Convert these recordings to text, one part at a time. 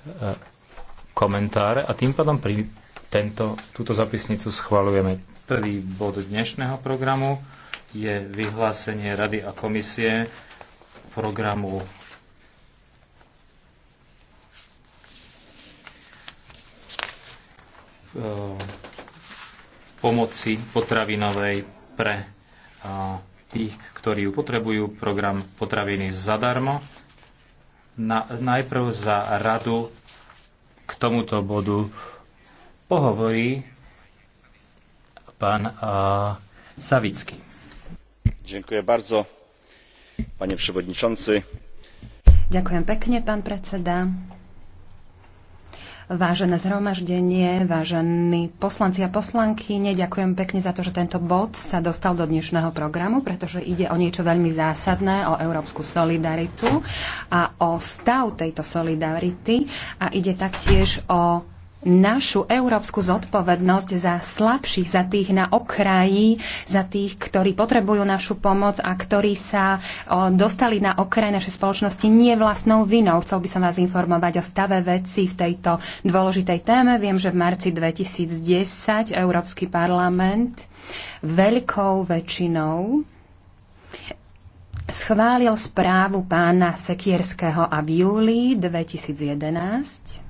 E, komentáre a tým pádom pri tento, túto zapisnicu schvalujeme. Prvý bod dnešného programu je vyhlásenie Rady a komisie programu e, pomoci potravinovej pre e, tých, ktorí ju potrebujú, program potraviny zadarmo na, najprv za radu k tomuto bodu pohovorí pán uh, Savický. Ďakujem bardzo, panie przewodniczący. Ďakujem pekne, pán predseda. Vážené zhromaždenie, vážení poslanci a poslanky, neďakujem pekne za to, že tento bod sa dostal do dnešného programu, pretože ide o niečo veľmi zásadné, o európsku solidaritu a o stav tejto solidarity a ide taktiež o našu európsku zodpovednosť za slabších, za tých na okraji, za tých, ktorí potrebujú našu pomoc a ktorí sa dostali na okraj našej spoločnosti nie vlastnou vinou. Chcel by som vás informovať o stave veci v tejto dôležitej téme. Viem, že v marci 2010 Európsky parlament veľkou väčšinou schválil správu pána Sekierského a v júli 2011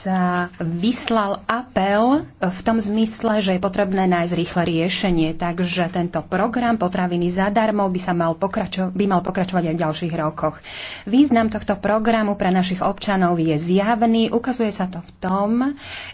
sa vyslal apel v tom zmysle, že je potrebné nájsť rýchle riešenie. Takže tento program potraviny zadarmo by, sa mal, pokračo- by mal pokračovať aj v ďalších rokoch. Význam tohto programu pre našich občanov je zjavný. Ukazuje sa to v tom,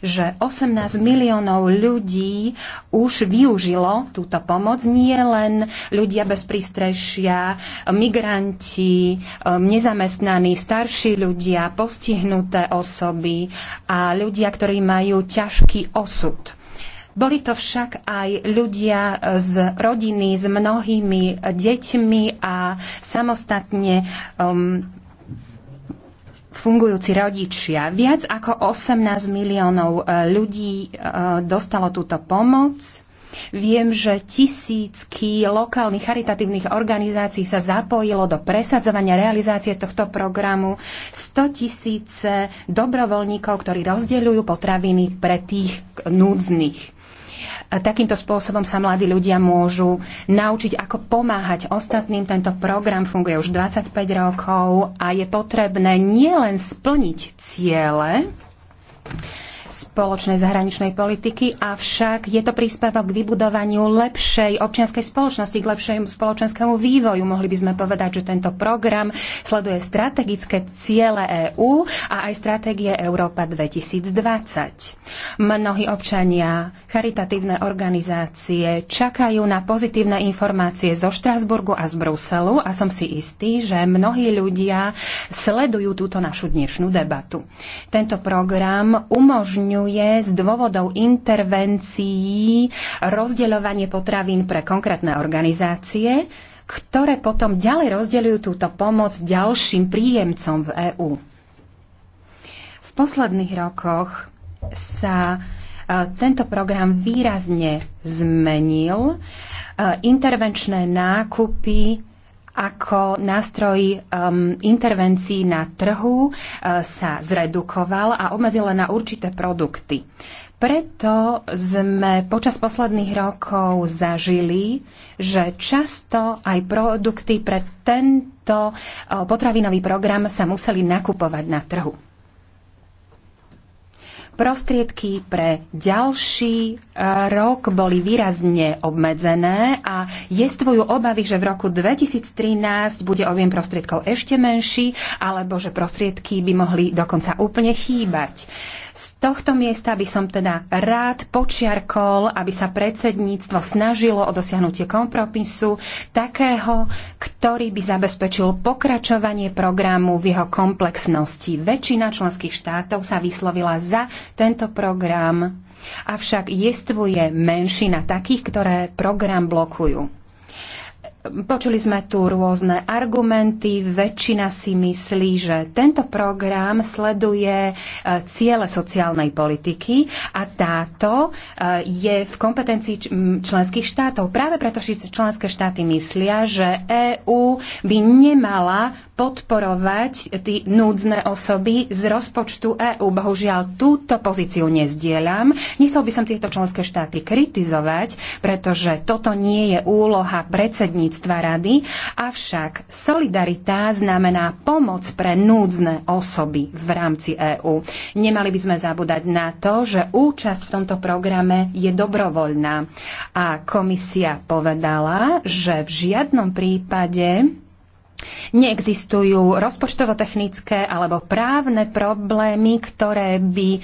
že 18 miliónov ľudí už využilo túto pomoc. Nie len ľudia bez prístrešia, migranti, e, nezamestnaní, starší ľudia, postihnuté osoby, a ľudia, ktorí majú ťažký osud. Boli to však aj ľudia z rodiny s mnohými deťmi a samostatne um, fungujúci rodičia. Viac ako 18 miliónov eh, ľudí eh, dostalo túto pomoc Viem, že tisícky lokálnych charitatívnych organizácií sa zapojilo do presadzovania realizácie tohto programu. 100 tisíce dobrovoľníkov, ktorí rozdeľujú potraviny pre tých núdznych. A takýmto spôsobom sa mladí ľudia môžu naučiť, ako pomáhať ostatným. Tento program funguje už 25 rokov a je potrebné nielen splniť ciele, spoločnej zahraničnej politiky, avšak je to príspevok k vybudovaniu lepšej občianskej spoločnosti, k lepšiemu spoločenskému vývoju. Mohli by sme povedať, že tento program sleduje strategické ciele EÚ a aj stratégie Európa 2020. Mnohí občania, charitatívne organizácie čakajú na pozitívne informácie zo Štrásburgu a z Bruselu a som si istý, že mnohí ľudia sledujú túto našu dnešnú debatu. Tento program umožňuje umožňuje z dôvodov intervencií rozdeľovanie potravín pre konkrétne organizácie, ktoré potom ďalej rozdeľujú túto pomoc ďalším príjemcom v EÚ. V posledných rokoch sa e, tento program výrazne zmenil. E, intervenčné nákupy ako nástroj um, intervencií na trhu uh, sa zredukoval a obmedzila na určité produkty. Preto sme počas posledných rokov zažili, že často aj produkty pre tento uh, potravinový program sa museli nakupovať na trhu. Prostriedky pre ďalší e, rok boli výrazne obmedzené a je stvojú obavy, že v roku 2013 bude objem prostriedkov ešte menší alebo že prostriedky by mohli dokonca úplne chýbať tohto miesta by som teda rád počiarkol, aby sa predsedníctvo snažilo o dosiahnutie kompromisu takého, ktorý by zabezpečil pokračovanie programu v jeho komplexnosti. Väčšina členských štátov sa vyslovila za tento program, avšak jestvuje menšina takých, ktoré program blokujú. Počuli sme tu rôzne argumenty, väčšina si myslí, že tento program sleduje e, ciele sociálnej politiky a táto e, je v kompetencii členských štátov. Práve preto, že členské štáty myslia, že EÚ by nemala podporovať tí núdzne osoby z rozpočtu EÚ. Bohužiaľ, túto pozíciu nezdielam. Nechcel by som tieto členské štáty kritizovať, pretože toto nie je úloha predsedníctva rady, avšak solidarita znamená pomoc pre núdzne osoby v rámci EÚ. Nemali by sme zabúdať na to, že účasť v tomto programe je dobrovoľná. A komisia povedala, že v žiadnom prípade Neexistujú rozpočtovo-technické alebo právne problémy, ktoré by um,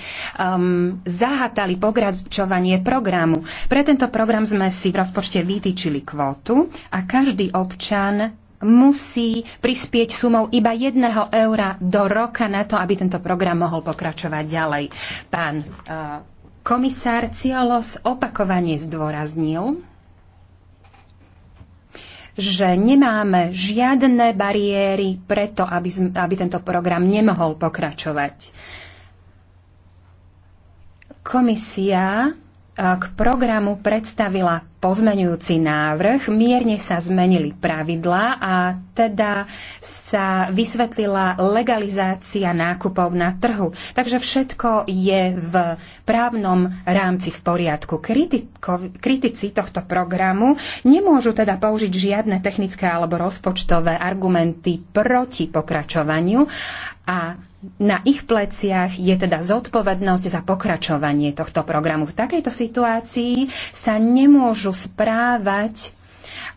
zahatali pokračovanie programu. Pre tento program sme si v rozpočte vytýčili kvótu a každý občan musí prispieť sumou iba jedného eura do roka na to, aby tento program mohol pokračovať ďalej. Pán uh, komisár Ciolos opakovane zdôraznil, že nemáme žiadne bariéry preto, aby, aby tento program nemohol pokračovať. Komisia k programu predstavila pozmeňujúci návrh, mierne sa zmenili pravidlá a teda sa vysvetlila legalizácia nákupov na trhu. Takže všetko je v právnom rámci v poriadku. Kritiko, kritici tohto programu nemôžu teda použiť žiadne technické alebo rozpočtové argumenty proti pokračovaniu a na ich pleciach je teda zodpovednosť za pokračovanie tohto programu. V takejto situácii sa nemôžu správať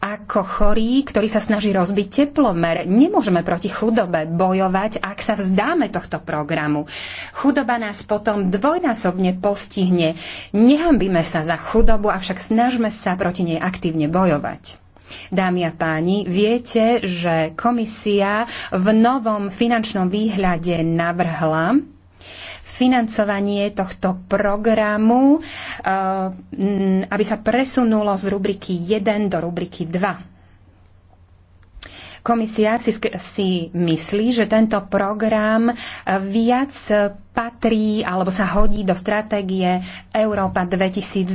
ako chorí, ktorý sa snaží rozbiť teplomer. Nemôžeme proti chudobe bojovať, ak sa vzdáme tohto programu. Chudoba nás potom dvojnásobne postihne. Nehambíme sa za chudobu, avšak snažme sa proti nej aktívne bojovať. Dámy a páni, viete, že komisia v novom finančnom výhľade navrhla financovanie tohto programu, eh, aby sa presunulo z rubriky 1 do rubriky 2. Komisia si, si myslí, že tento program e, viac patrí alebo sa hodí do stratégie Európa 2020.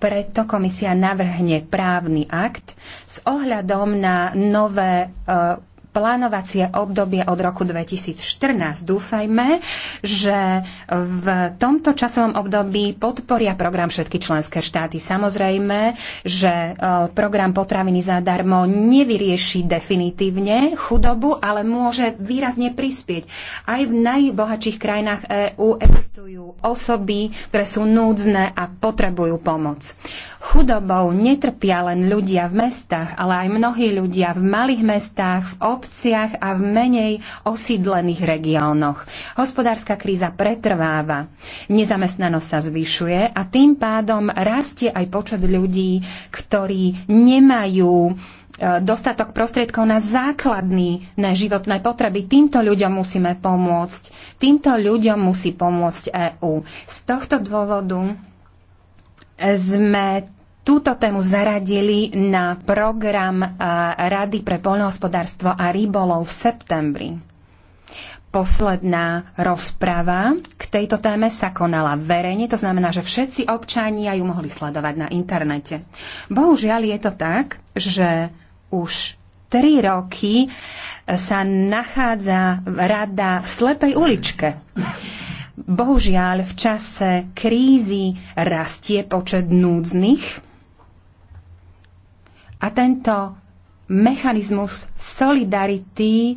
Preto komisia navrhne právny akt s ohľadom na nové e, plánovacie obdobie od roku 2014. Dúfajme, že v tomto časovom období podporia program všetky členské štáty. Samozrejme, že e, program potraviny zadarmo nevyrieši definitívne chudobu, ale môže výrazne prispieť. Aj v najbohatších krajinách EÚ existujú osoby, ktoré sú núdzne a potrebujú pomoc. Chudobou netrpia len ľudia v mestách, ale aj mnohí ľudia v malých mestách, v obciach a v menej osídlených regiónoch. Hospodárska kríza pretrváva, nezamestnanosť sa zvyšuje a tým pádom rastie aj počet ľudí, ktorí nemajú e, dostatok prostriedkov na základný, na životné potreby. Týmto ľuďom musíme pomôcť. Týmto ľuďom musí pomôcť EÚ. Z tohto dôvodu sme túto tému zaradili na program eh, Rady pre poľnohospodárstvo a rybolov v septembri. Posledná rozprava k tejto téme sa konala verejne, to znamená, že všetci občania ju mohli sledovať na internete. Bohužiaľ je to tak, že už tri roky sa nachádza rada v slepej uličke. Bohužiaľ, v čase krízy rastie počet núdznych a tento mechanizmus solidarity e,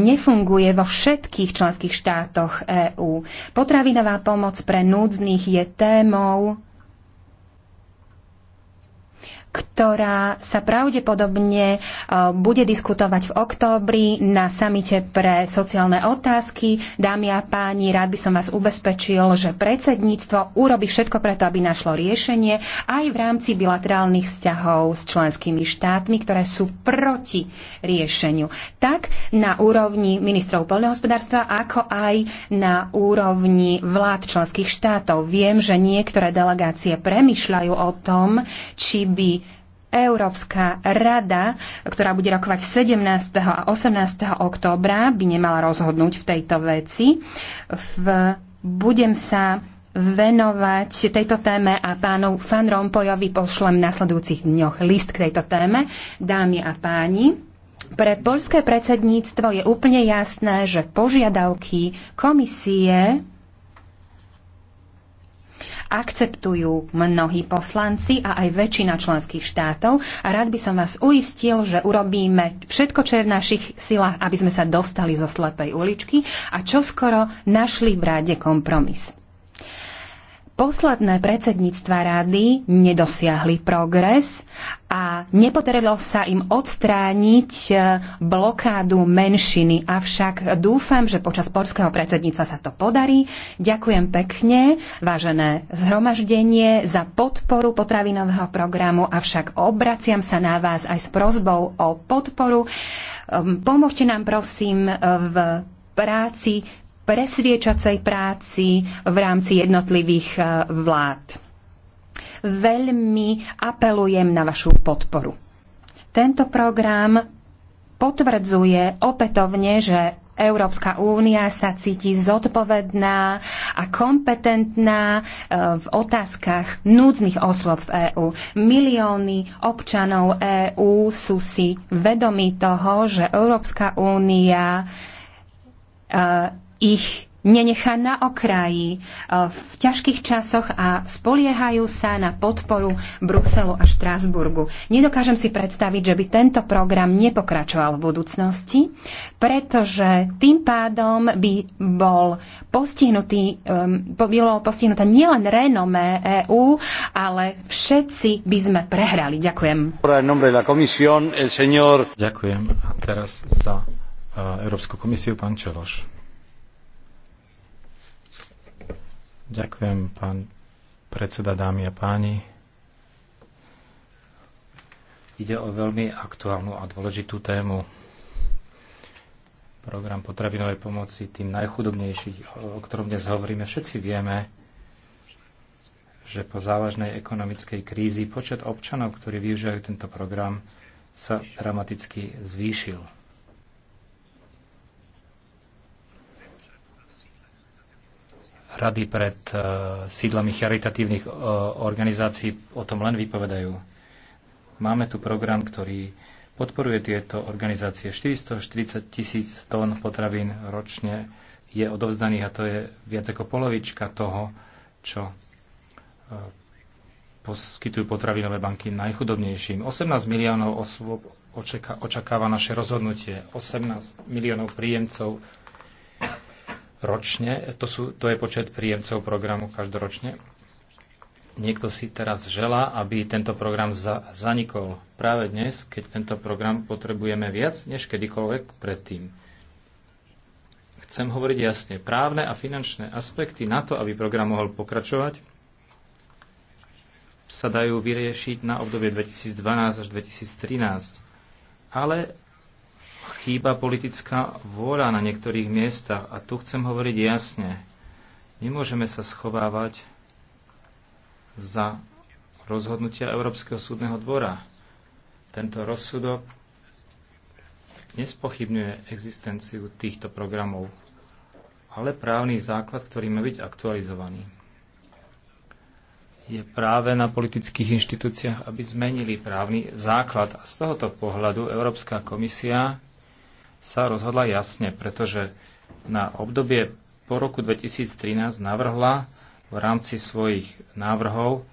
nefunguje vo všetkých členských štátoch EÚ. Potravinová pomoc pre núdznych je témou, ktorá sa pravdepodobne e, bude diskutovať v októbri na samite pre sociálne otázky. Dámy a páni, rád by som vás ubezpečil, že predsedníctvo urobí všetko preto, aby našlo riešenie aj v rámci bilaterálnych vzťahov s členskými štátmi, ktoré sú proti riešeniu. Tak na úrovni ministrov poľnohospodárstva, ako aj na úrovni vlád členských štátov. Viem, že niektoré delegácie premyšľajú o tom, či by Európska rada, ktorá bude rokovať 17. a 18. októbra, by nemala rozhodnúť v tejto veci. V, budem sa venovať tejto téme a pánu Fan Rompojovi pošlem v nasledujúcich dňoch list k tejto téme. Dámy a páni, pre poľské predsedníctvo je úplne jasné, že požiadavky komisie akceptujú mnohí poslanci a aj väčšina členských štátov a rád by som vás uistil, že urobíme všetko, čo je v našich silách, aby sme sa dostali zo slepej uličky a čoskoro našli v ráde kompromis posledné predsedníctva rady nedosiahli progres a nepotrebilo sa im odstrániť e, blokádu menšiny. Avšak dúfam, že počas polského predsedníctva sa to podarí. Ďakujem pekne, vážené zhromaždenie, za podporu potravinového programu, avšak obraciam sa na vás aj s prozbou o podporu. Ehm, pomôžte nám prosím e, v práci presviečacej práci v rámci jednotlivých e, vlád. Veľmi apelujem na vašu podporu. Tento program potvrdzuje opätovne, že Európska únia sa cíti zodpovedná a kompetentná e, v otázkach núdznych osôb v EÚ. Milióny občanov EÚ sú si vedomí toho, že Európska únia e, ich nenechá na okraji e, v ťažkých časoch a spoliehajú sa na podporu Bruselu a Štrásburgu. Nedokážem si predstaviť, že by tento program nepokračoval v budúcnosti, pretože tým pádom by bol postihnutý, um, bolo postihnuté nielen renomé EÚ, ale všetci by sme prehrali. Ďakujem. Ďakujem. A teraz za e, Európsku komisiu pán Čeloš. Ďakujem, pán predseda, dámy a páni. Ide o veľmi aktuálnu a dôležitú tému. Program potravinovej pomoci tým najchudobnejších, o ktorom dnes hovoríme, všetci vieme, že po závažnej ekonomickej krízi počet občanov, ktorí využívajú tento program, sa dramaticky zvýšil. rady pred e, sídlami charitatívnych e, organizácií o tom len vypovedajú. Máme tu program, ktorý podporuje tieto organizácie. 440 tisíc tón potravín ročne je odovzdaných a to je viac ako polovička toho, čo e, poskytujú potravinové banky najchudobnejším. 18 miliónov osôb očaká, očakáva naše rozhodnutie. 18 miliónov príjemcov ročne. To, sú, to je počet príjemcov programu každoročne. Niekto si teraz želá, aby tento program za, zanikol práve dnes, keď tento program potrebujeme viac než kedykoľvek predtým. Chcem hovoriť jasne, právne a finančné aspekty na to, aby program mohol pokračovať, sa dajú vyriešiť na obdobie 2012 až 2013. Ale chýba politická vôľa na niektorých miestach. A tu chcem hovoriť jasne. Nemôžeme sa schovávať za rozhodnutia Európskeho súdneho dvora. Tento rozsudok nespochybňuje existenciu týchto programov, ale právny základ, ktorý má byť aktualizovaný. Je práve na politických inštitúciách, aby zmenili právny základ. A z tohoto pohľadu Európska komisia sa rozhodla jasne, pretože na obdobie po roku 2013 navrhla v rámci svojich návrhov,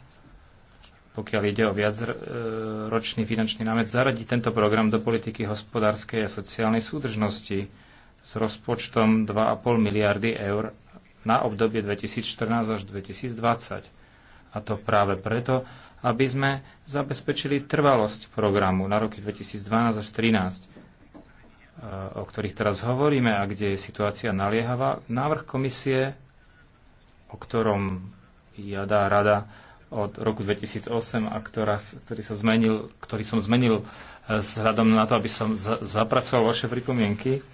pokiaľ ide o viacročný finančný námec, zaradiť tento program do politiky hospodárskej a sociálnej súdržnosti s rozpočtom 2,5 miliardy eur na obdobie 2014 až 2020. A to práve preto, aby sme zabezpečili trvalosť programu na roky 2012 až 2013 o ktorých teraz hovoríme a kde je situácia naliehavá. Návrh komisie, o ktorom jadá rada od roku 2008 a ktorá, ktorý, sa zmenil, ktorý som zmenil e, s hľadom na to, aby som za, zapracoval vaše pripomienky,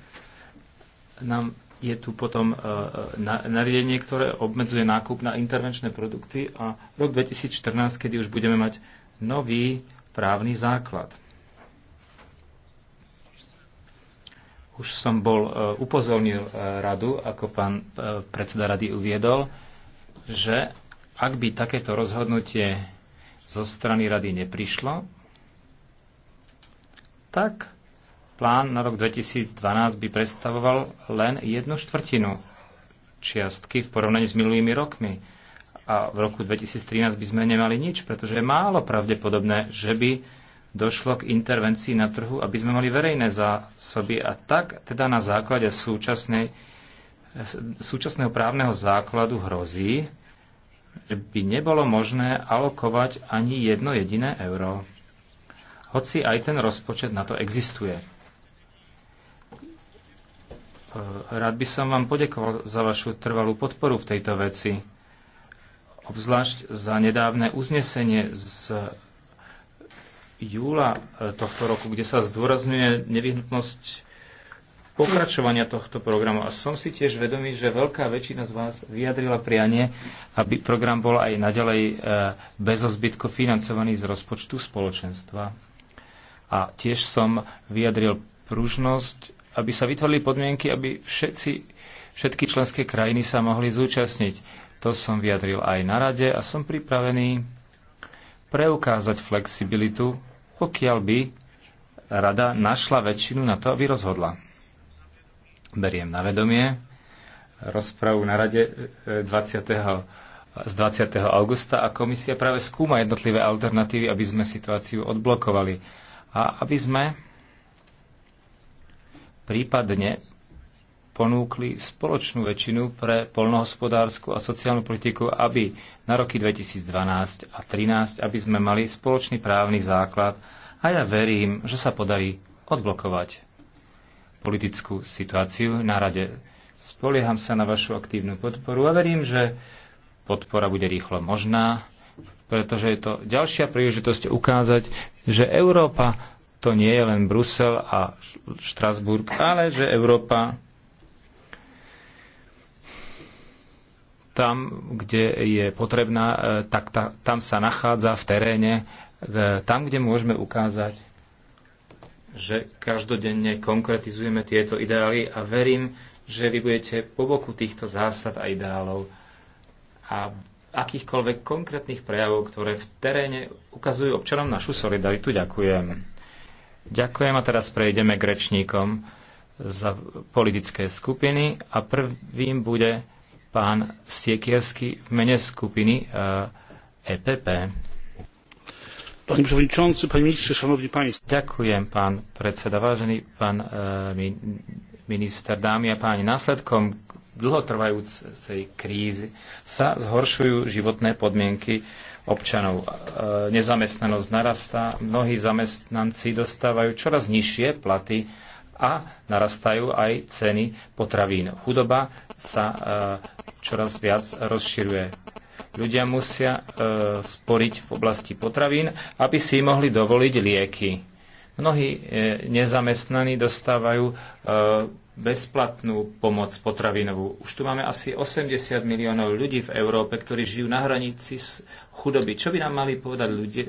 nám je tu potom e, e, nariadenie, ktoré obmedzuje nákup na intervenčné produkty a rok 2014, kedy už budeme mať nový právny základ. Už som bol e, upozornil e, radu, ako pán e, predseda rady uviedol, že ak by takéto rozhodnutie zo strany rady neprišlo, tak plán na rok 2012 by predstavoval len jednu štvrtinu čiastky v porovnaní s minulými rokmi. A v roku 2013 by sme nemali nič, pretože je málo pravdepodobné, že by došlo k intervencii na trhu, aby sme mali verejné zásoby a tak teda na základe súčasnej, súčasného právneho základu hrozí, že by nebolo možné alokovať ani jedno jediné euro, hoci aj ten rozpočet na to existuje. Rád by som vám podekoval za vašu trvalú podporu v tejto veci, obzvlášť za nedávne uznesenie z júla e, tohto roku, kde sa zdôrazňuje nevyhnutnosť pokračovania tohto programu. A som si tiež vedomý, že veľká väčšina z vás vyjadrila prianie, aby program bol aj naďalej e, bez ozbytko financovaný z rozpočtu spoločenstva. A tiež som vyjadril pružnosť, aby sa vytvorili podmienky, aby všetci, všetky členské krajiny sa mohli zúčastniť. To som vyjadril aj na rade a som pripravený preukázať flexibilitu pokiaľ by rada našla väčšinu na to, aby rozhodla. Beriem na vedomie rozpravu na rade 20. E, z 20. augusta a komisia práve skúma jednotlivé alternatívy, aby sme situáciu odblokovali a aby sme prípadne ponúkli spoločnú väčšinu pre polnohospodárskú a sociálnu politiku, aby na roky 2012 a 2013, aby sme mali spoločný právny základ a ja verím, že sa podarí odblokovať politickú situáciu na rade. Spolieham sa na vašu aktívnu podporu a verím, že podpora bude rýchlo možná, pretože je to ďalšia príležitosť ukázať, že Európa to nie je len Brusel a Štrasburg, ale že Európa tam, kde je potrebná, e, tak ta, tam sa nachádza v teréne, e, tam, kde môžeme ukázať, že každodenne konkretizujeme tieto ideály a verím, že vy budete po boku týchto zásad a ideálov a akýchkoľvek konkrétnych prejavov, ktoré v teréne ukazujú občanom našu solidaritu. Ďakujem. Ďakujem a teraz prejdeme k rečníkom za politické skupiny a prvým bude pán Siekiersky v mene skupiny EPP. Eh, e panie przewodniczący, panie ministrze, szanowni państwo. Ďakujem, pán predseda, vážený pán eh, minister, dámy a páni. Následkom dlhotrvajúcej krízy sa zhoršujú životné podmienky občanov. Eh, nezamestnanosť narastá, mnohí zamestnanci dostávajú čoraz nižšie platy a narastajú aj ceny potravín. Chudoba sa čoraz viac rozširuje. Ľudia musia e, sporiť v oblasti potravín, aby si mohli dovoliť lieky. Mnohí e, nezamestnaní dostávajú e, bezplatnú pomoc potravinovú. Už tu máme asi 80 miliónov ľudí v Európe, ktorí žijú na hranici s chudoby. Čo by nám mali povedať ľudia,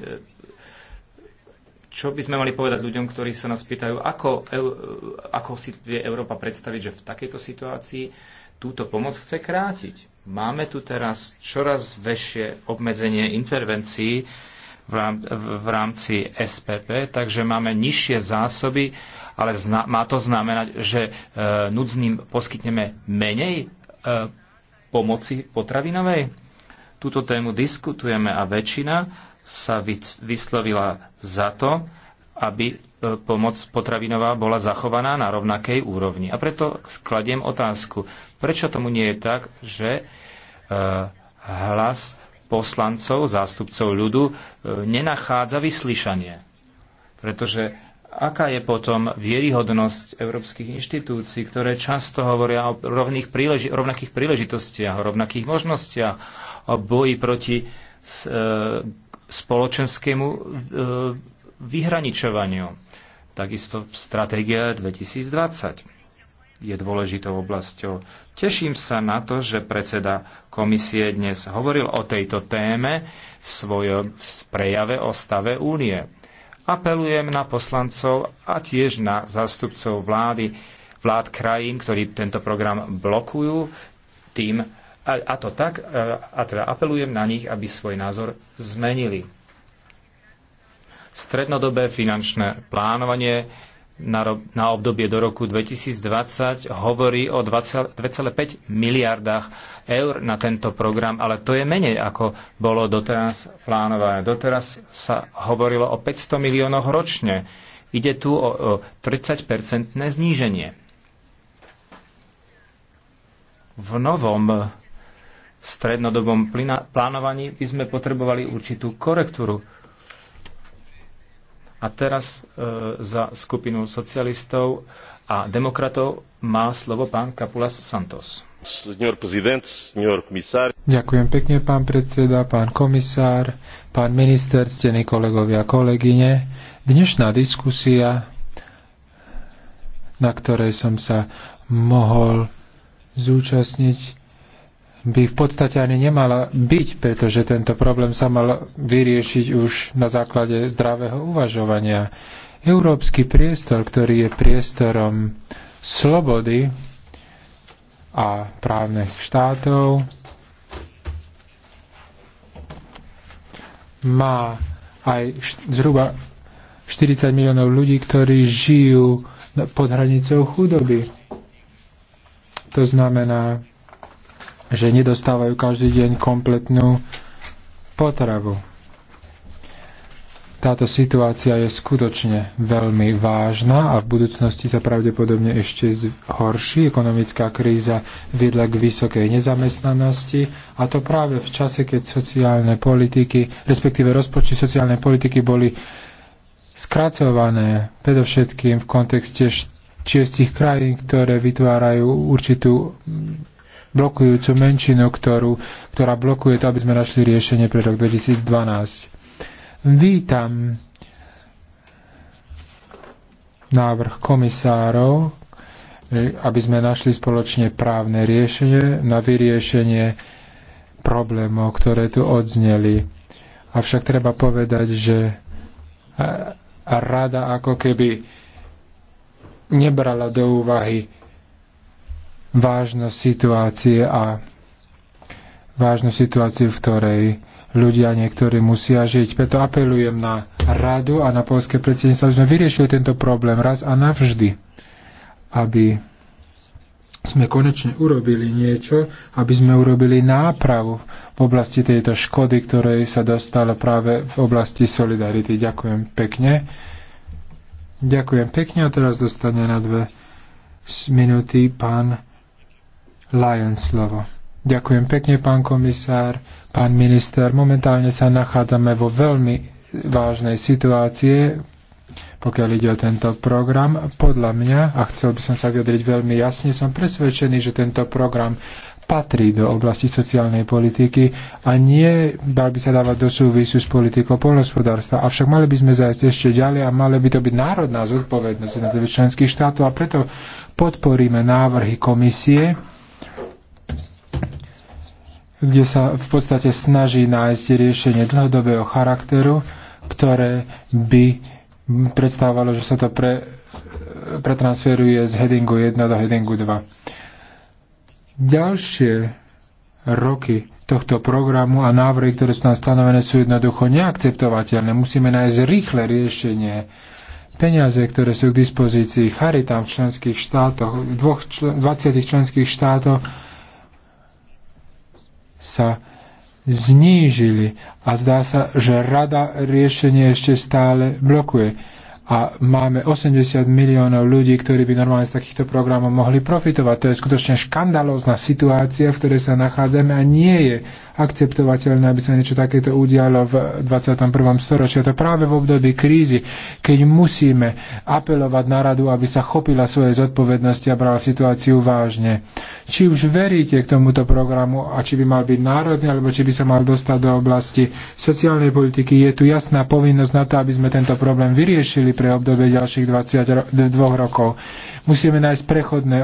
čo by sme mali povedať ľuďom, ktorí sa nás pýtajú, ako, ako si vie Európa predstaviť, že v takejto situácii túto pomoc chce krátiť. Máme tu teraz čoraz väčšie obmedzenie intervencií v rámci SPP, takže máme nižšie zásoby, ale má to znamenať, že e, núdzným poskytneme menej e, pomoci potravinovej? Túto tému diskutujeme a väčšina sa vyslovila za to, aby e, pomoc potravinová bola zachovaná na rovnakej úrovni. A preto skladiem otázku, Prečo tomu nie je tak, že e, hlas poslancov, zástupcov ľudu e, nenachádza vyslyšanie? Pretože aká je potom vieryhodnosť európskych inštitúcií, ktoré často hovoria o rovných príleži- rovnakých príležitostiach, o rovnakých možnostiach, o boji proti s, e, spoločenskému e, vyhraničovaniu. Takisto stratégia 2020 je dôležitou oblasťou. Teším sa na to, že predseda komisie dnes hovoril o tejto téme v svojom prejave o stave únie. Apelujem na poslancov a tiež na zástupcov vlády, vlád krajín, ktorí tento program blokujú, tým, a, a to tak, e, a teda apelujem na nich, aby svoj názor zmenili. Strednodobé finančné plánovanie na, obdobie do roku 2020 hovorí o 2,5 miliardách eur na tento program, ale to je menej, ako bolo doteraz plánované. Doteraz sa hovorilo o 500 miliónoch ročne. Ide tu o, o 30-percentné zníženie. V novom strednodobom plánovaní by sme potrebovali určitú korektúru a teraz e, za skupinu socialistov a demokratov má slovo pán Kapulas Santos. Ďakujem pekne, pán predseda, pán komisár, pán minister, stení kolegovia kolegyne. Dnešná diskusia, na ktorej som sa mohol zúčastniť, by v podstate ani nemala byť, pretože tento problém sa mal vyriešiť už na základe zdravého uvažovania. Európsky priestor, ktorý je priestorom slobody a právnych štátov, má aj zhruba 40 miliónov ľudí, ktorí žijú pod hranicou chudoby. To znamená, že nedostávajú každý deň kompletnú potravu. Táto situácia je skutočne veľmi vážna a v budúcnosti sa pravdepodobne ešte zhorší. Ekonomická kríza viedla k vysokej nezamestnanosti a to práve v čase, keď sociálne politiky, respektíve rozpočty sociálnej politiky boli skracované, predovšetkým v kontexte šiestich krajín, ktoré vytvárajú určitú blokujúcu menšinu, ktorú, ktorá blokuje to, aby sme našli riešenie pre rok 2012. Vítam návrh komisárov, e, aby sme našli spoločne právne riešenie na vyriešenie problémov, ktoré tu odzneli. Avšak treba povedať, že e, rada ako keby nebrala do úvahy vážnosť situácie a vážnu situáciu, v ktorej ľudia niektorí musia žiť. Preto apelujem na radu a na polské predsedníctvo, aby sme vyriešili tento problém raz a navždy, aby sme konečne urobili niečo, aby sme urobili nápravu v oblasti tejto škody, ktorej sa dostalo práve v oblasti solidarity. Ďakujem pekne. Ďakujem pekne a teraz dostane na dve minúty pán Lion slovo. Ďakujem pekne, pán komisár, pán minister. Momentálne sa nachádzame vo veľmi vážnej situácie, pokiaľ ide o tento program. Podľa mňa, a chcel by som sa vyjadriť veľmi jasne, som presvedčený, že tento program patrí do oblasti sociálnej politiky a nie dal by sa dávať do súvisu s politikou polnospodárstva. Avšak mali by sme zájsť ešte ďalej a mali by to byť národná zodpovednosť na členských štátov a preto podporíme návrhy komisie, kde sa v podstate snaží nájsť riešenie dlhodobého charakteru, ktoré by predstávalo, že sa to pre, pretransferuje z headingu 1 do headingu 2. Ďalšie roky tohto programu a návrhy, ktoré sú tam stanovené, sú jednoducho neakceptovateľné. Musíme nájsť rýchle riešenie. Peniaze, ktoré sú k dispozícii charitám v členských štátoch, v dvoch čl- 20 členských štátoch, sa znížili a zdá sa, že rada riešenie ešte stále blokuje. A máme 80 miliónov ľudí, ktorí by normálne z takýchto programov mohli profitovať. To je skutočne škandalózna situácia, v ktorej sa nachádzame a nie je akceptovateľné, aby sa niečo takéto udialo v 21. storočí. A to práve v období krízy, keď musíme apelovať na radu, aby sa chopila svoje zodpovednosti a brala situáciu vážne. Či už veríte k tomuto programu a či by mal byť národný, alebo či by sa mal dostať do oblasti sociálnej politiky, je tu jasná povinnosť na to, aby sme tento problém vyriešili pre obdobie ďalších 22 rokov. Musíme nájsť prechodné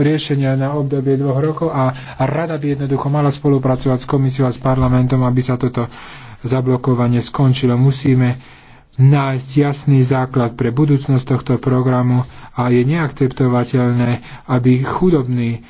riešenia na obdobie dvoch rokov a, a rada by jednoducho mala spolupracovať s komisiou vysielať s parlamentom, aby sa toto zablokovanie skončilo. Musíme nájsť jasný základ pre budúcnosť tohto programu a je neakceptovateľné, aby chudobní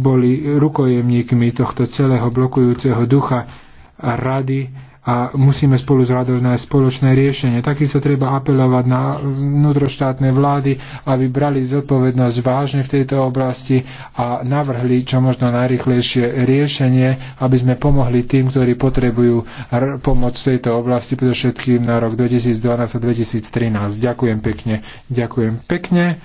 boli rukojemníkmi tohto celého blokujúceho ducha rady a musíme spolu s na spoločné riešenie. Takisto treba apelovať na vnútroštátne vlády, aby brali zodpovednosť vážne v tejto oblasti a navrhli čo možno najrychlejšie riešenie, aby sme pomohli tým, ktorí potrebujú pomoc v tejto oblasti, predovšetkým na rok 2012 a 2013. Ďakujem pekne. Ďakujem pekne.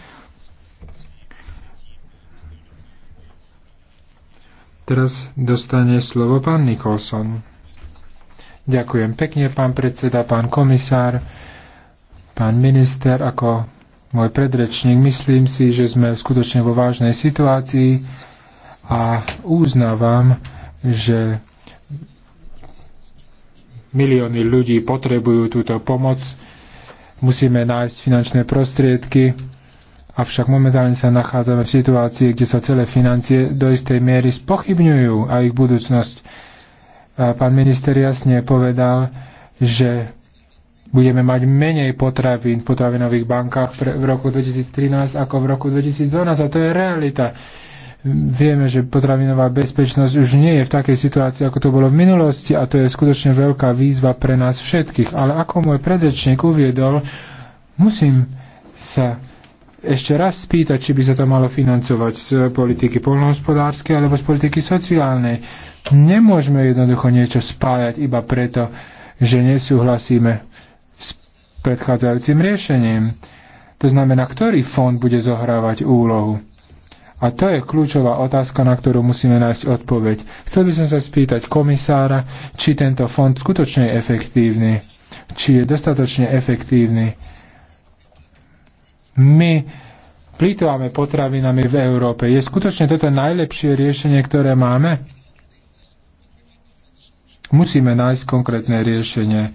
Teraz dostane slovo pán Nikolson. Ďakujem pekne, pán predseda, pán komisár, pán minister, ako môj predrečník. Myslím si, že sme skutočne vo vážnej situácii a uznávam, že milióny ľudí potrebujú túto pomoc. Musíme nájsť finančné prostriedky, avšak momentálne sa nachádzame v situácii, kde sa celé financie do istej miery spochybňujú a ich budúcnosť Pán minister jasne povedal, že budeme mať menej potravín v potravinových bankách pre, v roku 2013 ako v roku 2012 a to je realita. Vieme, že potravinová bezpečnosť už nie je v takej situácii, ako to bolo v minulosti a to je skutočne veľká výzva pre nás všetkých. Ale ako môj predrečník uviedol, musím sa ešte raz spýtať, či by sa to malo financovať z politiky polnohospodárskej alebo z politiky sociálnej Nemôžeme jednoducho niečo spájať iba preto, že nesúhlasíme s predchádzajúcim riešením. To znamená, ktorý fond bude zohrávať úlohu. A to je kľúčová otázka, na ktorú musíme nájsť odpoveď. Chcel by som sa spýtať komisára, či tento fond skutočne je efektívny, či je dostatočne efektívny. My plýtváme potravinami v Európe. Je skutočne toto najlepšie riešenie, ktoré máme? Musíme nájsť konkrétne riešenie.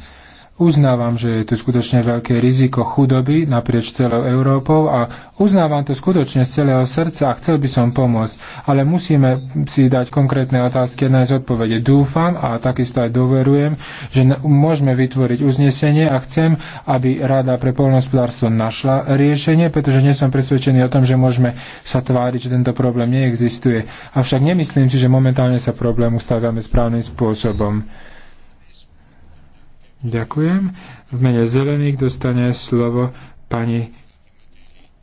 Uznávam, že je tu skutočne veľké riziko chudoby naprieč celou Európou a uznávam to skutočne z celého srdca a chcel by som pomôcť, ale musíme si dať konkrétne otázky a nájsť odpovede. Dúfam a takisto aj doverujem, že môžeme vytvoriť uznesenie a chcem, aby Rada pre poľnohospodárstvo našla riešenie, pretože nie som presvedčený o tom, že môžeme sa tváriť, že tento problém neexistuje. Avšak nemyslím si, že momentálne sa problému stávame správnym spôsobom. Ďakujem. V mene zelených dostane slovo pani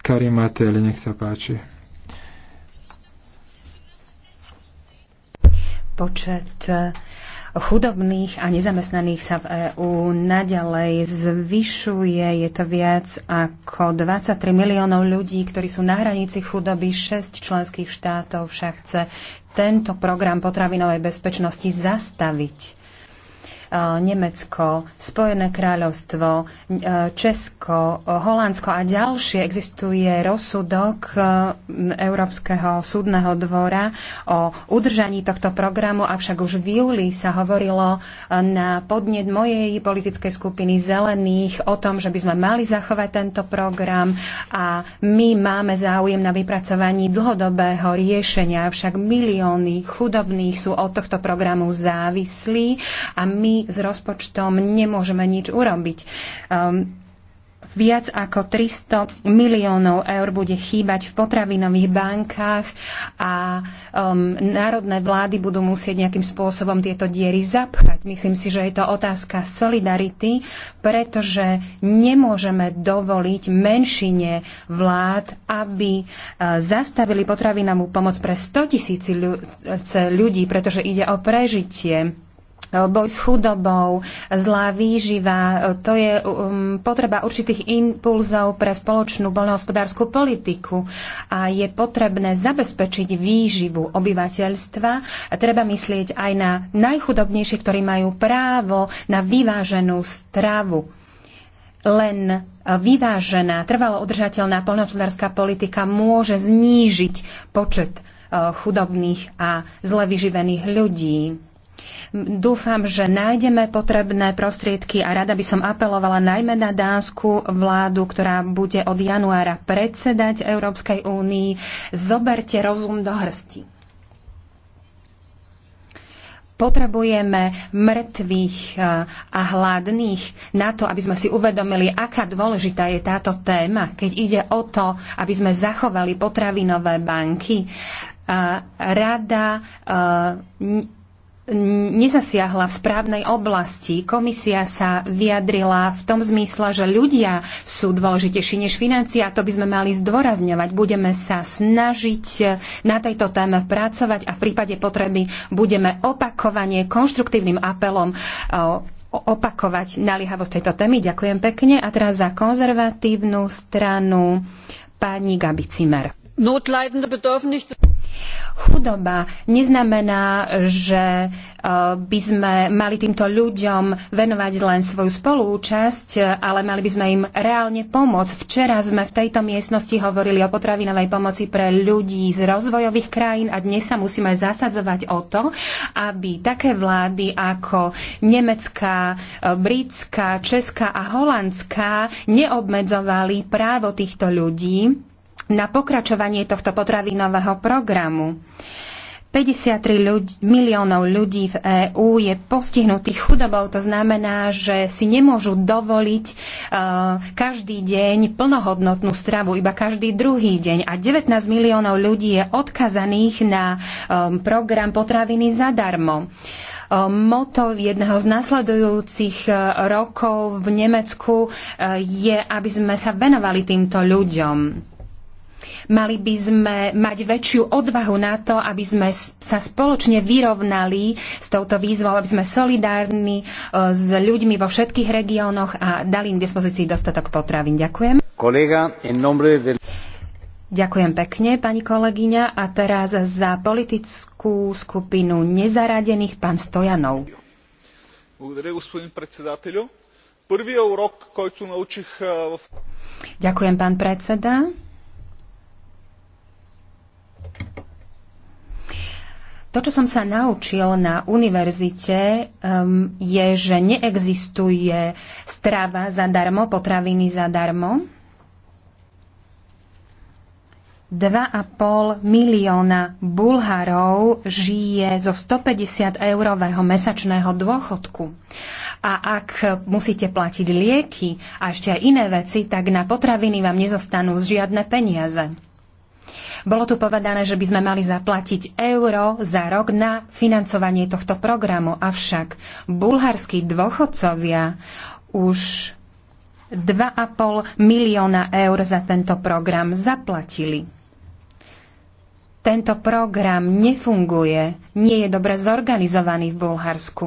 Karimateli. Nech sa páči. Počet e, chudobných a nezamestnaných sa v EÚ naďalej zvyšuje. Je to viac ako 23 miliónov ľudí, ktorí sú na hranici chudoby. 6 členských štátov však chce tento program potravinovej bezpečnosti zastaviť. E, Nemecko, Spojené kráľovstvo, e, Česko, Holandsko a ďalšie existuje rozsudok e, Európskeho súdneho dvora o udržaní tohto programu, avšak už v júli sa hovorilo na podnet mojej politickej skupiny zelených o tom, že by sme mali zachovať tento program a my máme záujem na vypracovaní dlhodobého riešenia, avšak milióny chudobných sú od tohto programu závislí a my s rozpočtom nemôžeme nič urobiť. Um, viac ako 300 miliónov eur bude chýbať v potravinových bankách a um, národné vlády budú musieť nejakým spôsobom tieto diery zapchať. Myslím si, že je to otázka solidarity, pretože nemôžeme dovoliť menšine vlád, aby uh, zastavili potravinovú pomoc pre 100 tisíc ľudí, pretože ide o prežitie boj s chudobou, zlá výživa. E, to je um, potreba určitých impulzov pre spoločnú poľnohospodárskú politiku a je potrebné zabezpečiť výživu obyvateľstva. Treba myslieť aj na najchudobnejších, ktorí majú právo na vyváženú stravu. Len vyvážená, trvalo udržateľná poľnohospodárska politika môže znížiť počet e, chudobných a zle vyživených ľudí. Dúfam, že nájdeme potrebné prostriedky a rada by som apelovala najmä na dánsku vládu, ktorá bude od januára predsedať Európskej únii. Zoberte rozum do hrsti. Potrebujeme mŕtvych eh, a hladných na to, aby sme si uvedomili, aká dôležitá je táto téma, keď ide o to, aby sme zachovali potravinové banky. Eh, rada eh, nezasiahla v správnej oblasti. Komisia sa vyjadrila v tom zmysle, že ľudia sú dôležitejší než financie a to by sme mali zdôrazňovať. Budeme sa snažiť na tejto téme pracovať a v prípade potreby budeme opakovane konštruktívnym apelom e, opakovať naliehavosť tejto témy. Ďakujem pekne. A teraz za konzervatívnu stranu pani Gabi Cimer. Notleidende bedürfen nicht Chudoba neznamená, že eh, by sme mali týmto ľuďom venovať len svoju spolúčasť, ale mali by sme im reálne pomôcť. Včera sme v tejto miestnosti hovorili o potravinovej pomoci pre ľudí z rozvojových krajín a dnes sa musíme zasadzovať o to, aby také vlády ako nemecká, eh, britská, česká a holandská neobmedzovali právo týchto ľudí na pokračovanie tohto potravinového programu. 53 ľudí, miliónov ľudí v EÚ je postihnutých chudobou. To znamená, že si nemôžu dovoliť uh, každý deň plnohodnotnú stravu, iba každý druhý deň. A 19 miliónov ľudí je odkazaných na um, program potraviny zadarmo. Um, moto jedného z nasledujúcich rokov v Nemecku je, aby sme sa venovali týmto ľuďom. Mali by sme mať väčšiu odvahu na to, aby sme sa spoločne vyrovnali s touto výzvou, aby sme solidárni e, s ľuďmi vo všetkých regiónoch a dali im k dispozícii dostatok potravín. Ďakujem. Kolega, en nombre Ďakujem pekne, pani kolegyňa. A teraz za politickú skupinu nezaradených pán Stojanov. Ďakujem, pán predseda. To, čo som sa naučil na univerzite, um, je, že neexistuje strava zadarmo, potraviny zadarmo. 2,5 milióna Bulharov žije zo 150 eurového mesačného dôchodku. A ak musíte platiť lieky a ešte aj iné veci, tak na potraviny vám nezostanú žiadne peniaze. Bolo tu povedané, že by sme mali zaplatiť euro za rok na financovanie tohto programu, avšak bulharskí dôchodcovia už 2,5 milióna eur za tento program zaplatili. Tento program nefunguje, nie je dobre zorganizovaný v Bulharsku.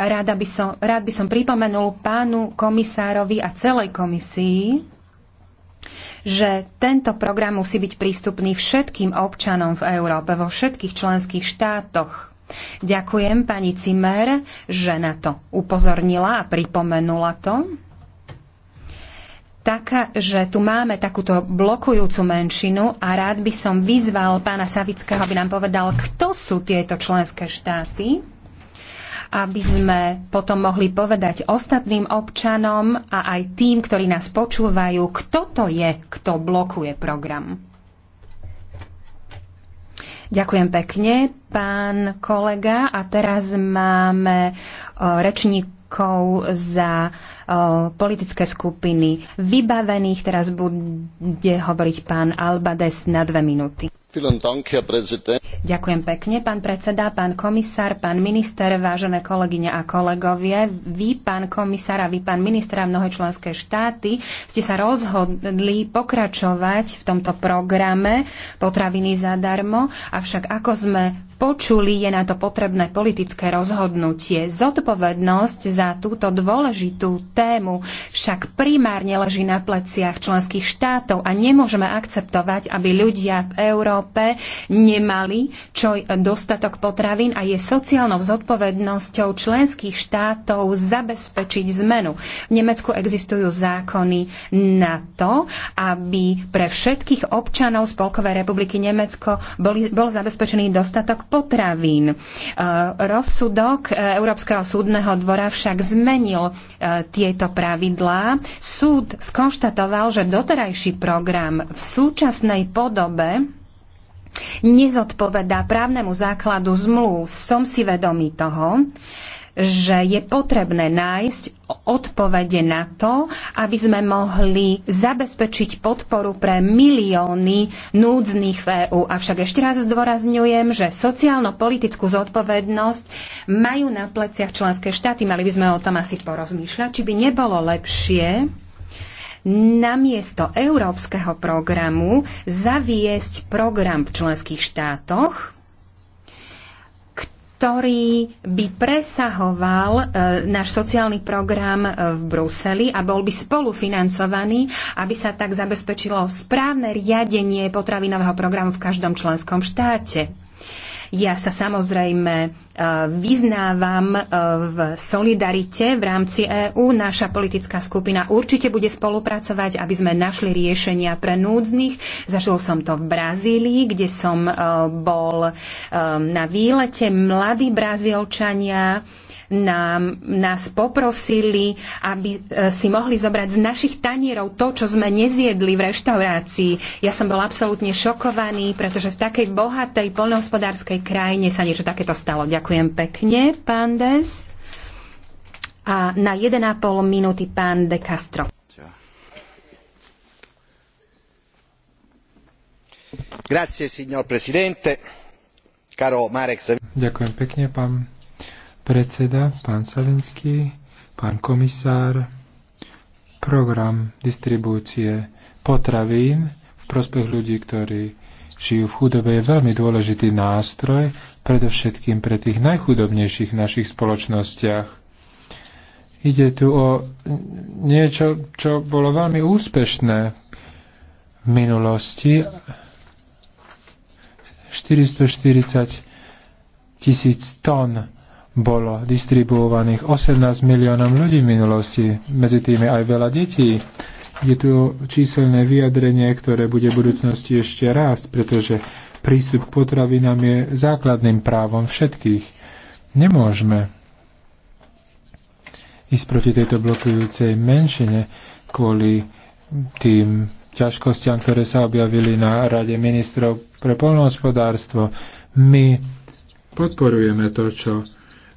Rád by som, rád by som pripomenul pánu komisárovi a celej komisii, že tento program musí byť prístupný všetkým občanom v Európe, vo všetkých členských štátoch. Ďakujem pani Cimer, že na to upozornila a pripomenula to. Tak, že tu máme takúto blokujúcu menšinu a rád by som vyzval pána Savického, aby nám povedal, kto sú tieto členské štáty aby sme potom mohli povedať ostatným občanom a aj tým, ktorí nás počúvajú, kto to je, kto blokuje program. Ďakujem pekne, pán kolega. A teraz máme rečníkov za politické skupiny vybavených. Teraz bude hovoriť pán Albades na dve minúty. Ďakujem pekne, pán predseda, pán komisár, pán minister, vážené kolegyne a kolegovie. Vy, pán komisár a vy, pán minister a mnohé členské štáty ste sa rozhodli pokračovať v tomto programe potraviny zadarmo, avšak ako sme počuli, je na to potrebné politické rozhodnutie. Zodpovednosť za túto dôležitú tému však primárne leží na pleciach členských štátov a nemôžeme akceptovať, aby ľudia v Európe nemali čo dostatok potravín a je sociálnou zodpovednosťou členských štátov zabezpečiť zmenu. V Nemecku existujú zákony na to, aby pre všetkých občanov Spolkovej republiky Nemecko boli, bol zabezpečený dostatok potravín. E, rozsudok e, Európskeho súdneho dvora však zmenil e, tieto pravidlá. Súd skonštatoval, že doterajší program v súčasnej podobe nezodpovedá právnemu základu zmluv. Som si vedomý toho, že je potrebné nájsť odpovede na to, aby sme mohli zabezpečiť podporu pre milióny núdznych v EÚ. Avšak ešte raz zdôrazňujem, že sociálno-politickú zodpovednosť majú na pleciach členské štáty. Mali by sme o tom asi porozmýšľať, či by nebolo lepšie namiesto európskeho programu zaviesť program v členských štátoch, ktorý by presahoval e, náš sociálny program e, v Bruseli a bol by spolufinancovaný, aby sa tak zabezpečilo správne riadenie potravinového programu v každom členskom štáte. Ja sa samozrejme e, vyznávam e, v solidarite v rámci EÚ. Naša politická skupina určite bude spolupracovať, aby sme našli riešenia pre núdznych. Zažil som to v Brazílii, kde som e, bol na výlete mladí Brazílčania, nám, nás poprosili, aby e, si mohli zobrať z našich tanierov to, čo sme nezjedli v reštaurácii. Ja som bol absolútne šokovaný, pretože v takej bohatej poľnohospodárskej krajine sa niečo takéto stalo. Ďakujem pekne, pán Des. A na 1,5 minúty pán De Castro. Grazie, signor presidente. Caro Marek. Ďakujem pekne, pán predseda, pán Salinský, pán komisár, program distribúcie potravín v prospech ľudí, ktorí žijú v chudobe, je veľmi dôležitý nástroj, predovšetkým pre tých najchudobnejších v našich spoločnostiach. Ide tu o niečo, čo bolo veľmi úspešné v minulosti. 440 tisíc tón bolo distribuovaných 18 miliónom ľudí v minulosti, medzi tými aj veľa detí. Je tu číselné vyjadrenie, ktoré bude v budúcnosti ešte rásť, pretože prístup k potravinám je základným právom všetkých. Nemôžeme ísť proti tejto blokujúcej menšine kvôli tým ťažkostiam, ktoré sa objavili na Rade ministrov pre polnohospodárstvo. My podporujeme to, čo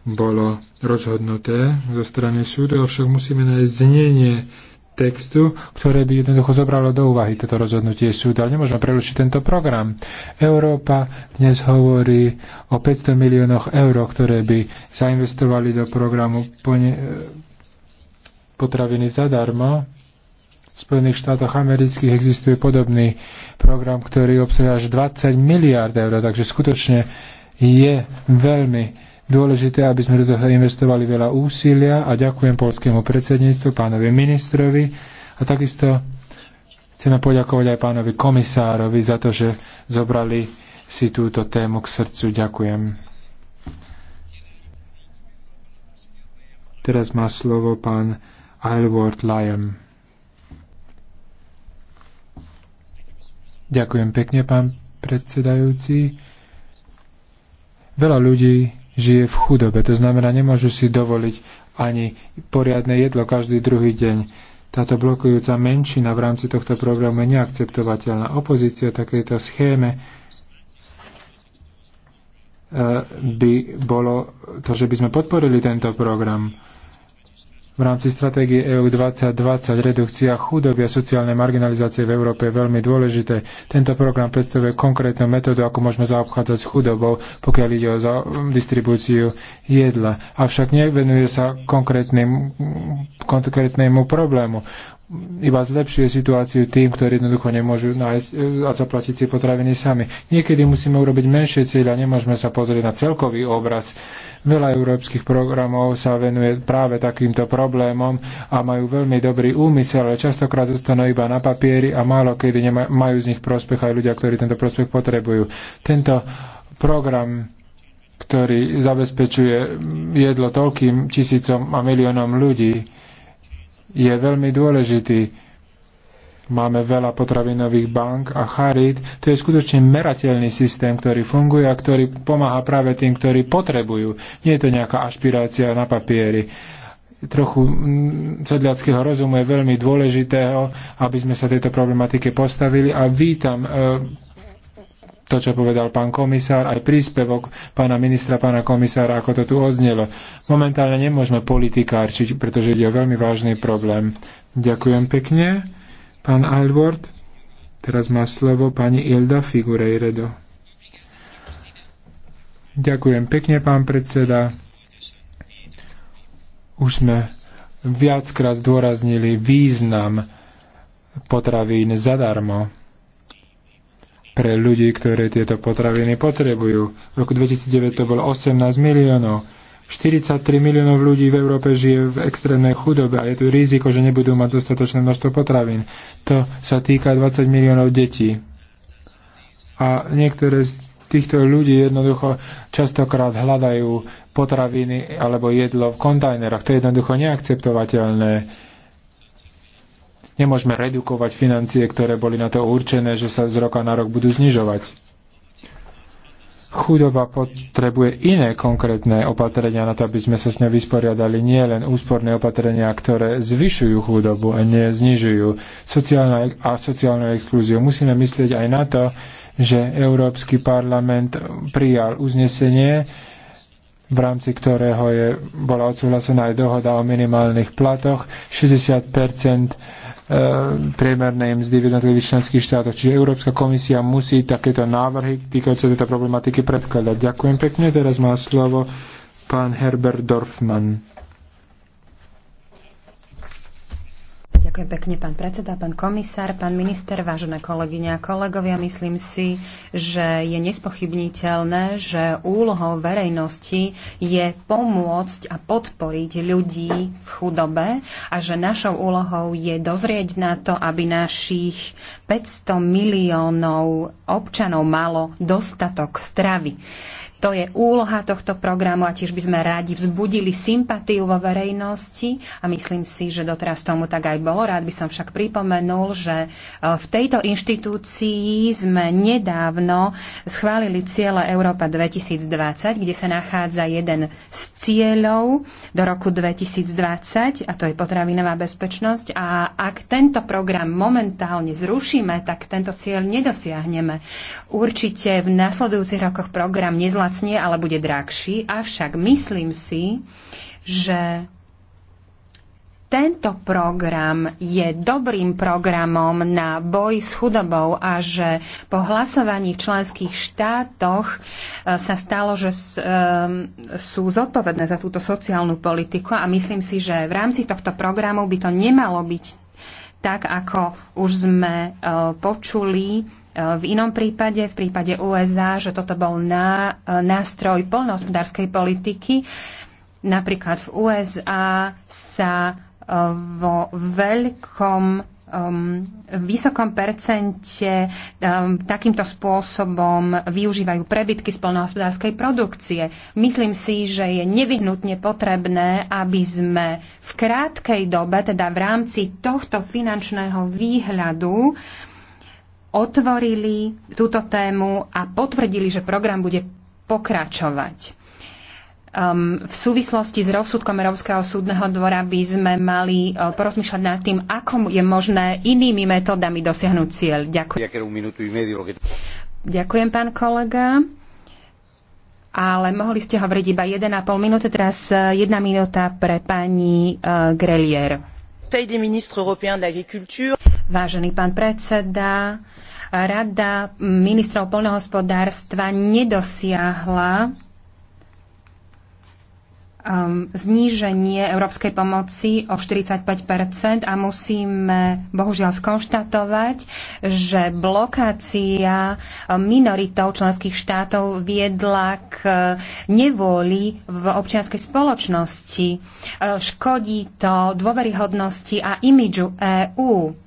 bolo rozhodnuté zo strany súdu, avšak musíme nájsť znenie textu, ktoré by jednoducho zobralo do úvahy toto rozhodnutie súdu. Ale nemôžeme prerušiť tento program. Európa dnes hovorí o 500 miliónoch eur, ktoré by zainvestovali do programu e, potraviny zadarmo. V Spojených štátoch amerických existuje podobný program, ktorý obsahuje až 20 miliard eur, takže skutočne je veľmi dôležité, aby sme do toho investovali veľa úsilia a ďakujem polskému predsedníctvu, pánovi ministrovi a takisto chceme poďakovať aj pánovi komisárovi za to, že zobrali si túto tému k srdcu. Ďakujem. Teraz má slovo pán Aylward Lyon. Ďakujem pekne, pán predsedajúci. Veľa ľudí žije v chudobe. To znamená, nemôžu si dovoliť ani poriadne jedlo každý druhý deň. Táto blokujúca menšina v rámci tohto programu je neakceptovateľná. Opozícia takejto schéme e, by bolo to, že by sme podporili tento program v rámci stratégie EU 2020 redukcia chudoby a sociálnej marginalizácie v Európe je veľmi dôležité. Tento program predstavuje konkrétnu metódu, ako môžeme zaobchádzať s chudobou, pokiaľ ide o distribúciu jedla. Avšak nevenuje sa konkrétnemu problému iba zlepšuje situáciu tým, ktorí jednoducho nemôžu nájsť e, a zaplatiť si potraviny sami. Niekedy musíme urobiť menšie a nemôžeme sa pozrieť na celkový obraz. Veľa európskych programov sa venuje práve takýmto problémom a majú veľmi dobrý úmysel, ale častokrát zostanú iba na papieri a málo kedy majú z nich prospech aj ľudia, ktorí tento prospech potrebujú. Tento program ktorý zabezpečuje jedlo toľkým tisícom a miliónom ľudí, je veľmi dôležitý. Máme veľa potravinových bank a charit. To je skutočne merateľný systém, ktorý funguje a ktorý pomáha práve tým, ktorí potrebujú. Nie je to nejaká ašpirácia na papieri trochu mm, sedliackého rozumu je veľmi dôležitého, aby sme sa tejto problematike postavili a vítam e, to, čo povedal pán komisár, aj príspevok pána ministra, pána komisára, ako to tu odznelo. Momentálne nemôžeme politikárčiť, pretože ide o veľmi vážny problém. Ďakujem pekne. Pán Alward, teraz má slovo pani Ilda Figurejredo. Ďakujem pekne, pán predseda. Už sme viackrát zdôraznili význam potravín zadarmo pre ľudí, ktorí tieto potraviny potrebujú. V roku 2009 to bolo 18 miliónov. 43 miliónov ľudí v Európe žije v extrémnej chudobe a je tu riziko, že nebudú mať dostatočné množstvo potravín. To sa týka 20 miliónov detí. A niektoré z týchto ľudí jednoducho častokrát hľadajú potraviny alebo jedlo v kontajneroch. To je jednoducho neakceptovateľné Nemôžeme redukovať financie, ktoré boli na to určené, že sa z roka na rok budú znižovať. Chudoba potrebuje iné konkrétne opatrenia na to, aby sme sa s ňou vysporiadali. Nie len úsporné opatrenia, ktoré zvyšujú chudobu a nie znižujú. a sociálnu exkluziu. Musíme myslieť aj na to, že Európsky parlament prijal uznesenie, v rámci ktorého je, bola odsúhlasená aj dohoda o minimálnych platoch. 60 E, priemernej mzdy v jednotlivých členských štátoch. Čiže Európska komisia musí takéto návrhy týkajúce tejto problematiky predkladať. Ďakujem pekne. Teraz má slovo pán Herbert Dorfman. Ďakujem pekne, pán predseda, pán komisár, pán minister, vážené kolegyne a kolegovia. Myslím si, že je nespochybniteľné, že úlohou verejnosti je pomôcť a podporiť ľudí v chudobe a že našou úlohou je dozrieť na to, aby našich 500 miliónov občanov malo dostatok stravy. To je úloha tohto programu a tiež by sme rádi vzbudili sympatiu vo verejnosti a myslím si, že doteraz tomu tak aj bolo. Rád by som však pripomenul, že e, v tejto inštitúcii sme nedávno schválili ciele Európa 2020, kde sa nachádza jeden z cieľov do roku 2020 a to je potravinová bezpečnosť a ak tento program momentálne zrušíme, tak tento cieľ nedosiahneme. Určite v nasledujúcich rokoch program nezlá zlacnie, ale bude drahší. Avšak myslím si, že tento program je dobrým programom na boj s chudobou a že po hlasovaní v členských štátoch e, sa stalo, že e, sú zodpovedné za túto sociálnu politiku a myslím si, že v rámci tohto programu by to nemalo byť tak, ako už sme e, počuli v inom prípade, v prípade USA, že toto bol na, e, nástroj polnohospodárskej politiky, napríklad v USA sa e, vo veľkom um, vysokom percente um, takýmto spôsobom využívajú prebytky z polnohospodárskej produkcie. Myslím si, že je nevyhnutne potrebné, aby sme v krátkej dobe, teda v rámci tohto finančného výhľadu, otvorili túto tému a potvrdili, že program bude pokračovať. Um, v súvislosti s rozsudkom Európskeho súdneho dvora by sme mali uh, porozmýšľať nad tým, ako je možné inými metódami dosiahnuť cieľ. Ďakujem. Ďakujem, pán kolega. Ale mohli ste hovoriť iba 1,5 minúty, teraz 1 uh, minúta pre pani uh, Grelier. Vážený pán predseda, Rada ministrov poľnohospodárstva nedosiahla um, zníženie európskej pomoci o 45 a musíme bohužiaľ skonštatovať, že blokácia minoritov členských štátov viedla k nevôli v občianskej spoločnosti. Škodí to dôveryhodnosti a imidžu EÚ.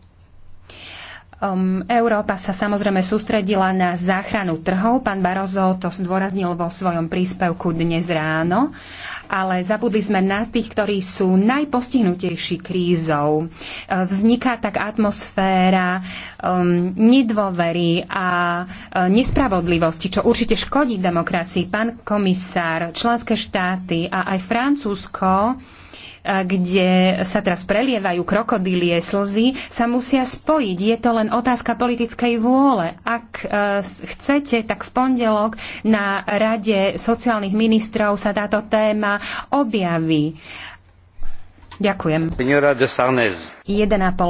Um, Európa sa samozrejme sústredila na záchranu trhov. Pán Barozo to zdôraznil vo svojom príspevku dnes ráno, ale zabudli sme na tých, ktorí sú najpostihnutejší krízou. Uh, vzniká tak atmosféra um, nedôvery a uh, nespravodlivosti, čo určite škodí demokracii. Pán komisár, členské štáty a aj Francúzsko kde sa teraz prelievajú krokodílie slzy, sa musia spojiť. Je to len otázka politickej vôle. Ak e, chcete, tak v pondelok na Rade sociálnych ministrov sa táto téma objaví. Ďakujem. 1,5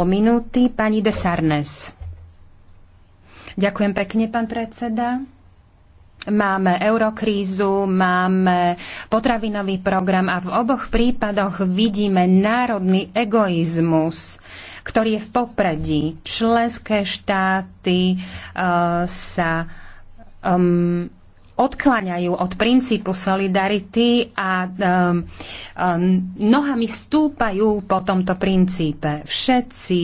minúty, pani de Sarnes. Ďakujem pekne, pán predseda. Máme eurokrízu, máme potravinový program a v oboch prípadoch vidíme národný egoizmus, ktorý je v popredí. Členské štáty uh, sa um, odkláňajú od princípu solidarity a um, um, nohami stúpajú po tomto princípe. Všetci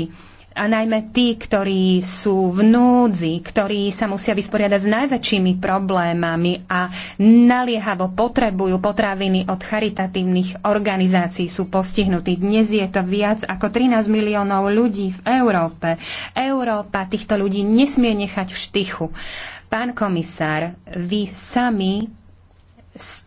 a najmä tí, ktorí sú v núdzi, ktorí sa musia vysporiadať s najväčšími problémami a naliehavo potrebujú potraviny od charitatívnych organizácií, sú postihnutí. Dnes je to viac ako 13 miliónov ľudí v Európe. Európa týchto ľudí nesmie nechať v štychu. Pán komisár, vy sami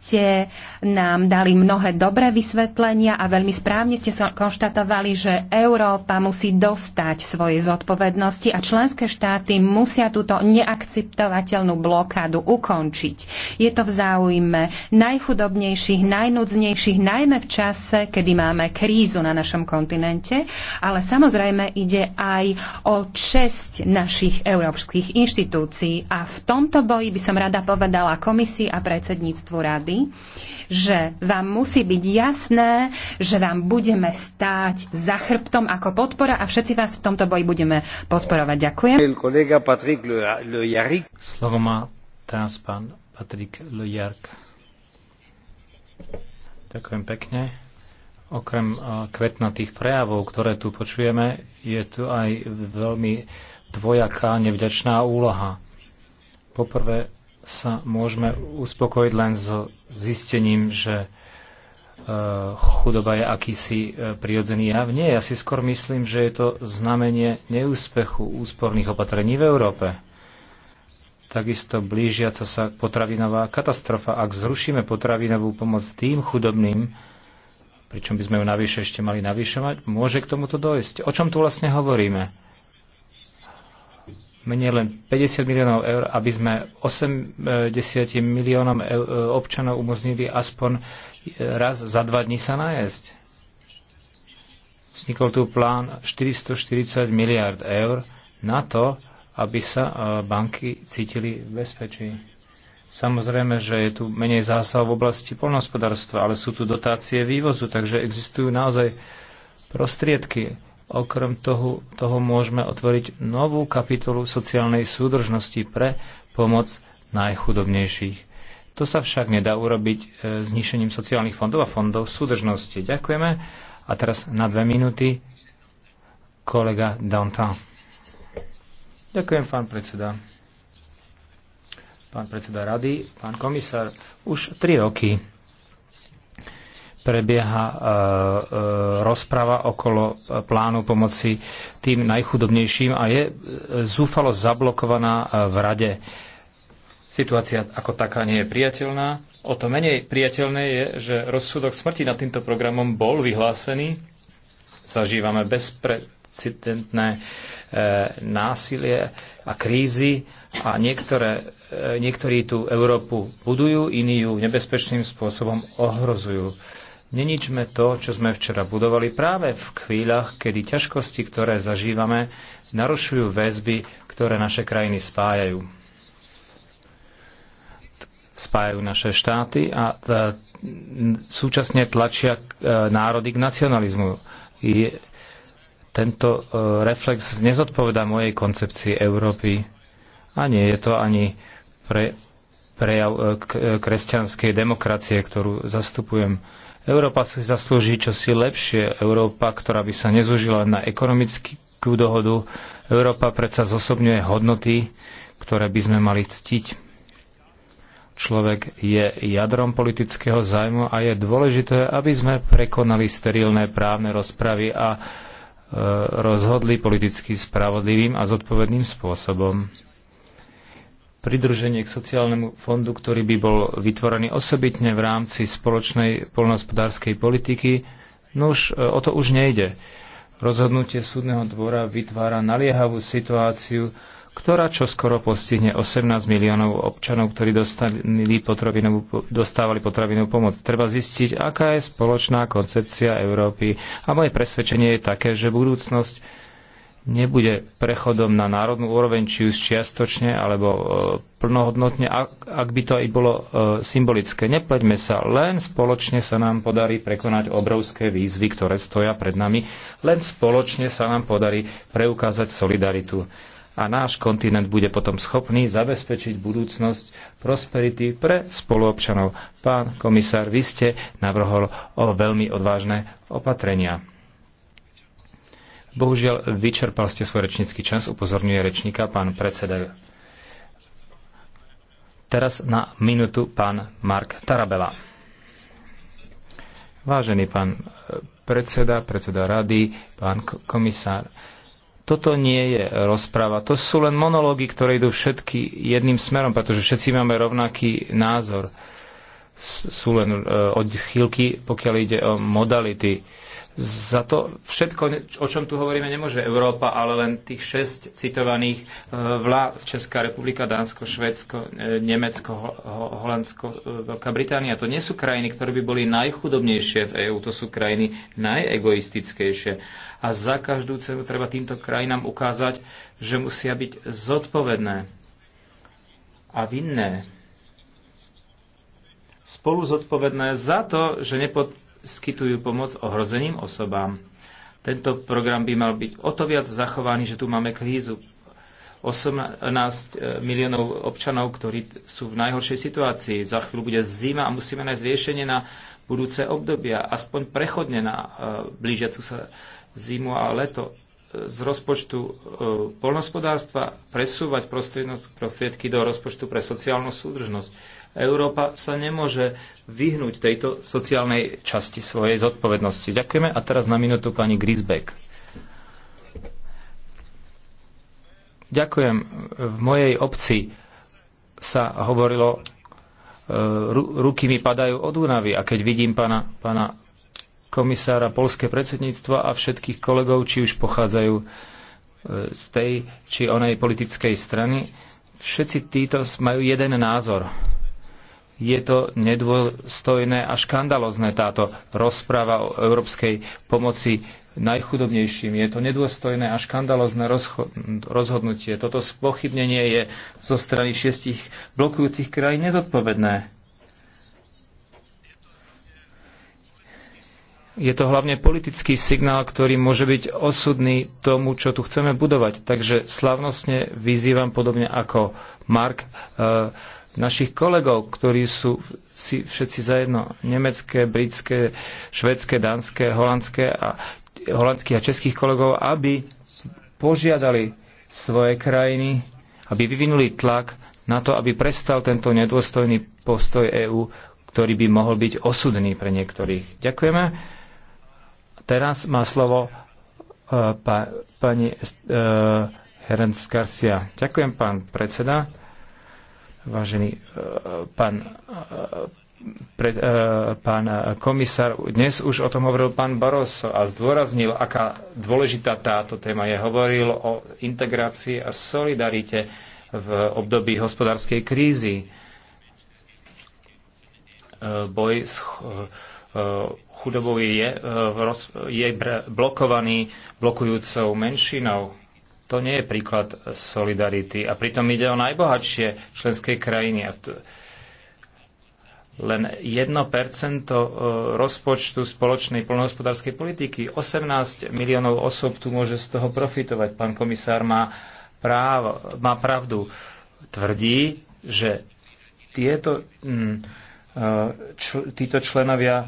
ste nám dali mnohé dobré vysvetlenia a veľmi správne ste konštatovali, že Európa musí dostať svoje zodpovednosti a členské štáty musia túto neakceptovateľnú blokádu ukončiť. Je to v záujme najchudobnejších, najnudznejších, najmä v čase, kedy máme krízu na našom kontinente, ale samozrejme ide aj o česť našich európskych inštitúcií a v tomto boji by som rada povedala komisii a predsedníctvu rady, hovorí, že vám musí byť jasné, že vám budeme stáť za chrbtom ako podpora a všetci vás v tomto boji budeme podporovať. Ďakujem. Slovo má teraz pán Patrik Lujark. Ďakujem pekne. Okrem eh, kvetnatých prejavov, ktoré tu počujeme, je tu aj veľmi dvojaká nevďačná úloha. Poprvé sa môžeme uspokojiť len s zistením, že e, chudoba je akýsi e, prirodzený jav. Nie, ja si skôr myslím, že je to znamenie neúspechu úsporných opatrení v Európe. Takisto blížiaca sa potravinová katastrofa. Ak zrušíme potravinovú pomoc tým chudobným, pričom by sme ju navyše ešte mali navyšovať, môže k tomuto dojsť. O čom tu vlastne hovoríme? menej len 50 miliónov eur, aby sme 80 miliónom e, občanov umožnili aspoň e, raz za dva dní sa najesť. Vznikol tu plán 440 miliard eur na to, aby sa e, banky cítili v bezpečí. Samozrejme, že je tu menej zásah v oblasti polnohospodárstva, ale sú tu dotácie vývozu, takže existujú naozaj prostriedky Okrem toho, toho môžeme otvoriť novú kapitolu sociálnej súdržnosti pre pomoc najchudobnejších. To sa však nedá urobiť e, znišením sociálnych fondov a fondov súdržnosti. Ďakujeme. A teraz na dve minúty kolega Dantan. Ďakujem, pán predseda. Pán predseda rady, pán komisár, už tri roky prebieha e, e, rozprava okolo plánu pomoci tým najchudobnejším a je e, zúfalo zablokovaná v rade. Situácia ako taká nie je priateľná. O to menej priateľné je, že rozsudok smrti nad týmto programom bol vyhlásený. Zažívame bezprecedentné násilie a krízy a niektoré, niektorí tú Európu budujú, iní ju nebezpečným spôsobom ohrozujú Neničme to, čo sme včera budovali práve v chvíľach, kedy ťažkosti, ktoré zažívame, narušujú väzby, ktoré naše krajiny spájajú. Spájajú naše štáty a e, súčasne tlačia e, národy k nacionalizmu. Je, tento e, reflex nezodpoveda mojej koncepcii Európy a nie je to ani pre, prejav kresťanskej demokracie, ktorú zastupujem Európa si zaslúži čosi lepšie. Európa, ktorá by sa nezužila na ekonomickú dohodu. Európa predsa zosobňuje hodnoty, ktoré by sme mali ctiť. Človek je jadrom politického zájmu a je dôležité, aby sme prekonali sterilné právne rozpravy a e, rozhodli politicky spravodlivým a zodpovedným spôsobom pridruženie k sociálnemu fondu, ktorý by bol vytvorený osobitne v rámci spoločnej polnohospodárskej politiky, no už e, o to už nejde. Rozhodnutie súdneho dvora vytvára naliehavú situáciu, ktorá čo skoro postihne 18 miliónov občanov, ktorí dostali potravinovú, dostávali potravinovú pomoc. Treba zistiť, aká je spoločná koncepcia Európy. A moje presvedčenie je také, že budúcnosť nebude prechodom na národnú úroveň, či už čiastočne alebo e, plnohodnotne, ak, ak by to aj bolo e, symbolické. Nepleďme sa, len spoločne sa nám podarí prekonať obrovské výzvy, ktoré stoja pred nami. Len spoločne sa nám podarí preukázať solidaritu. A náš kontinent bude potom schopný zabezpečiť budúcnosť prosperity pre spoluobčanov. Pán komisár, vy ste navrhol o veľmi odvážne opatrenia Bohužiaľ, vyčerpal ste svoj rečnícky čas, upozorňuje rečníka pán predseda. Teraz na minútu pán Mark Tarabela. Vážený pán eh, predseda, predseda rady, pán komisár, toto nie je rozpráva, to sú len monológy, ktoré idú všetky jedným smerom, pretože všetci máme rovnaký názor. S sú len eh, odchýlky, pokiaľ ide o modality za to všetko, o čom tu hovoríme, nemôže Európa, ale len tých šesť citovaných e, vlád, Česká republika, Dánsko, Švedsko, e, Nemecko, Holandsko, e, Veľká Británia. To nie sú krajiny, ktoré by boli najchudobnejšie v EÚ, to sú krajiny najegoistickejšie. A za každú cenu treba týmto krajinám ukázať, že musia byť zodpovedné a vinné spolu zodpovedné za to, že nepod, skytujú pomoc ohrozeným osobám. Tento program by mal byť o to viac zachovaný, že tu máme krízu 18 e, miliónov občanov, ktorí sú v najhoršej situácii. Za chvíľu bude zima a musíme nájsť riešenie na budúce obdobia, aspoň prechodne na e, blížiacu sa zimu a leto. E, z rozpočtu polnospodárstva presúvať prostriedky do rozpočtu pre sociálnu súdržnosť. Európa sa nemôže vyhnúť tejto sociálnej časti svojej zodpovednosti. Ďakujeme a teraz na minútu pani Grisbeck. Ďakujem. V mojej obci sa hovorilo, e, ruky mi padajú od únavy a keď vidím pana pána komisára polské predsedníctva a všetkých kolegov, či už pochádzajú e, z tej či onej politickej strany, všetci títo majú jeden názor je to nedôstojné a škandalozné táto rozpráva o európskej pomoci najchudobnejším. Je to nedôstojné a škandalozné rozhodnutie. Toto spochybnenie je zo strany šiestich blokujúcich krajín nezodpovedné. je to hlavne politický signál, ktorý môže byť osudný tomu, čo tu chceme budovať. Takže slavnostne vyzývam podobne ako Mark e, našich kolegov, ktorí sú si všetci zajedno nemecké, britské, švedské, dánske, holandské a holandských a českých kolegov, aby požiadali svoje krajiny, aby vyvinuli tlak na to, aby prestal tento nedôstojný postoj EÚ, ktorý by mohol byť osudný pre niektorých. Ďakujeme. Teraz má slovo e, pa, pani uh, e, Herenc Garcia. Ďakujem, pán predseda. Vážený uh, pán, uh, pred, uh, pán komisár, dnes už o tom hovoril pán Barroso a zdôraznil, aká dôležitá táto téma je. Hovoril o integrácii a solidarite v období hospodárskej krízy. Uh, boj s uh, chudobou je, je e, blokovaný blokujúcou menšinou. To nie je príklad solidarity. A pritom ide o najbohatšie členské krajiny. Len 1% e, rozpočtu spoločnej poľnohospodárskej politiky. 18 miliónov osob tu môže z toho profitovať. Pán komisár má, právo, má pravdu. Tvrdí, že tieto... Hm, čl- títo členovia e,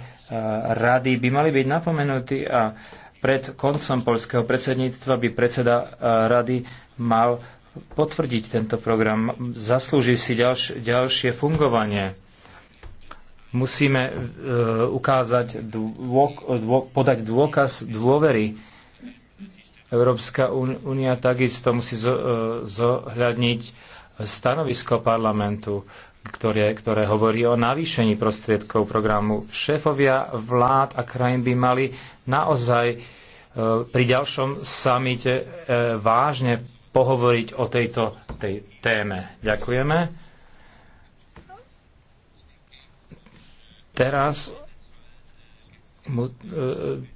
rady by mali byť napomenutí a pred koncom poľského predsedníctva by predseda e, rady mal potvrdiť tento program. Zaslúži si ďalš- ďalšie fungovanie. Musíme e, ukázať, dô- dô- podať dôkaz dôvery. Európska únia takisto musí zohľadniť stanovisko parlamentu ktoré, ktoré hovorí o navýšení prostriedkov programu. Šéfovia vlád a krajín by mali naozaj e, pri ďalšom samite e, vážne pohovoriť o tejto tej téme. Ďakujeme. Teraz mu, e,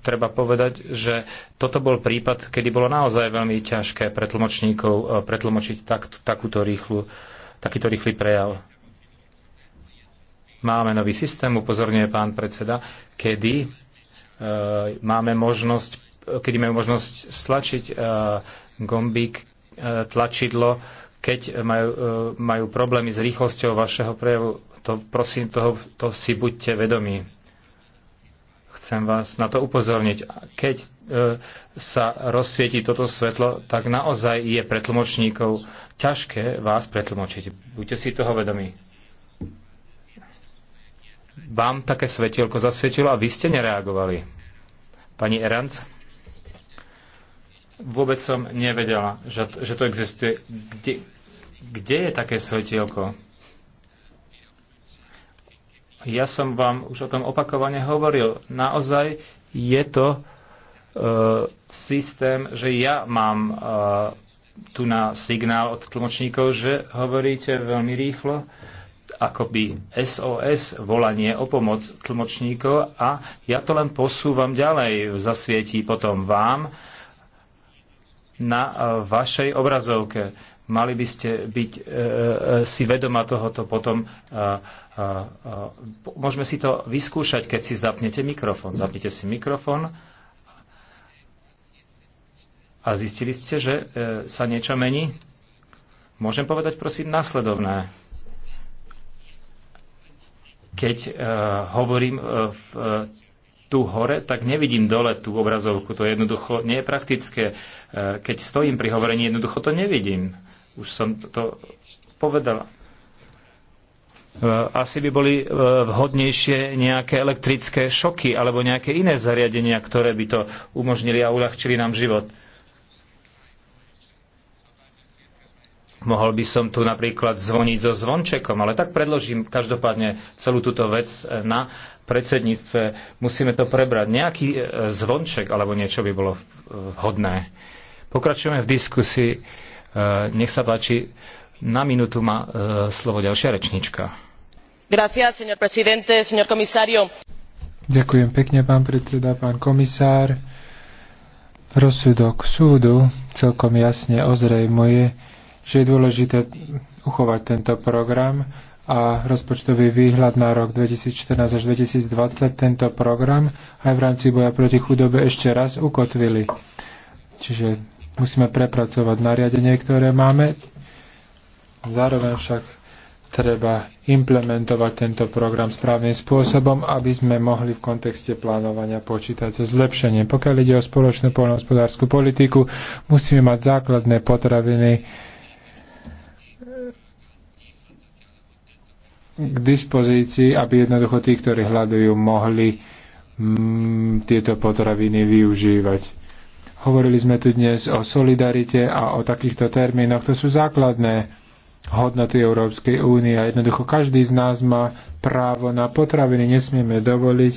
treba povedať, že toto bol prípad, kedy bolo naozaj veľmi ťažké pre tlmočníkov e, pretlmočiť tak, takúto rýchlu, takýto rýchly prejav. Máme nový systém, upozorňuje pán predseda, kedy e, máme možnosť, kedy máme možnosť stlačiť e, gombík, e, tlačidlo, keď majú, e, majú problémy s rýchlosťou vašeho prejavu. To, prosím, toho, to si buďte vedomí. Chcem vás na to upozorniť. Keď e, sa rozsvieti toto svetlo, tak naozaj je pre tlmočníkov ťažké vás pretlmočiť. Buďte si toho vedomí vám také svetielko zasvietilo a vy ste nereagovali. Pani Eranc? Vôbec som nevedela, že, že to existuje. Kde, kde je také svetielko? Ja som vám už o tom opakovane hovoril. Naozaj je to uh, systém, že ja mám uh, tu na signál od tlmočníkov, že hovoríte veľmi rýchlo. Uh, akoby SOS volanie o pomoc tlmočníkov a ja to len posúvam ďalej, zasvietí potom vám na e, vašej obrazovke. Mali by ste byť e, e si vedoma tohoto potom. E, e, e, môžeme si to vyskúšať, keď si zapnete mikrofón. Zapnite si mikrofón a zistili ste, že e, sa niečo mení. Môžem povedať prosím následovné. Keď uh, hovorím uh, v, uh, tu hore, tak nevidím dole tú obrazovku. To jednoducho nie je praktické. Uh, keď stojím pri hovorení, jednoducho to nevidím. Už som to povedala. Asi by boli vhodnejšie nejaké elektrické šoky alebo nejaké iné zariadenia, ktoré by to umožnili a uľahčili nám život. Mohol by som tu napríklad zvoniť so zvončekom, ale tak predložím každopádne celú túto vec e, na predsedníctve. Musíme to prebrať. Nejaký e, zvonček alebo niečo by bolo e, hodné. Pokračujeme v diskusii. Nech sa páči, na minútu má slovo ďalšia rečnička. Gracias, señor presidente, señor comisario. Ďakujem pekne, pán predseda, pán komisár. Rozsudok súdu celkom jasne ozrejmuje, že je dôležité uchovať tento program a rozpočtový výhľad na rok 2014 až 2020 tento program aj v rámci boja proti chudobe ešte raz ukotvili. Čiže musíme prepracovať nariadenie, ktoré máme. Zároveň však treba implementovať tento program správnym spôsobom, aby sme mohli v kontexte plánovania počítať so zlepšením. Pokiaľ ide o spoločnú poľnohospodárskú politiku, musíme mať základné potraviny, k dispozícii, aby jednoducho tí, ktorí hľadujú, mohli mm, tieto potraviny využívať. Hovorili sme tu dnes o solidarite a o takýchto termínoch. To sú základné hodnoty Európskej únie a jednoducho každý z nás má právo na potraviny. Nesmieme dovoliť,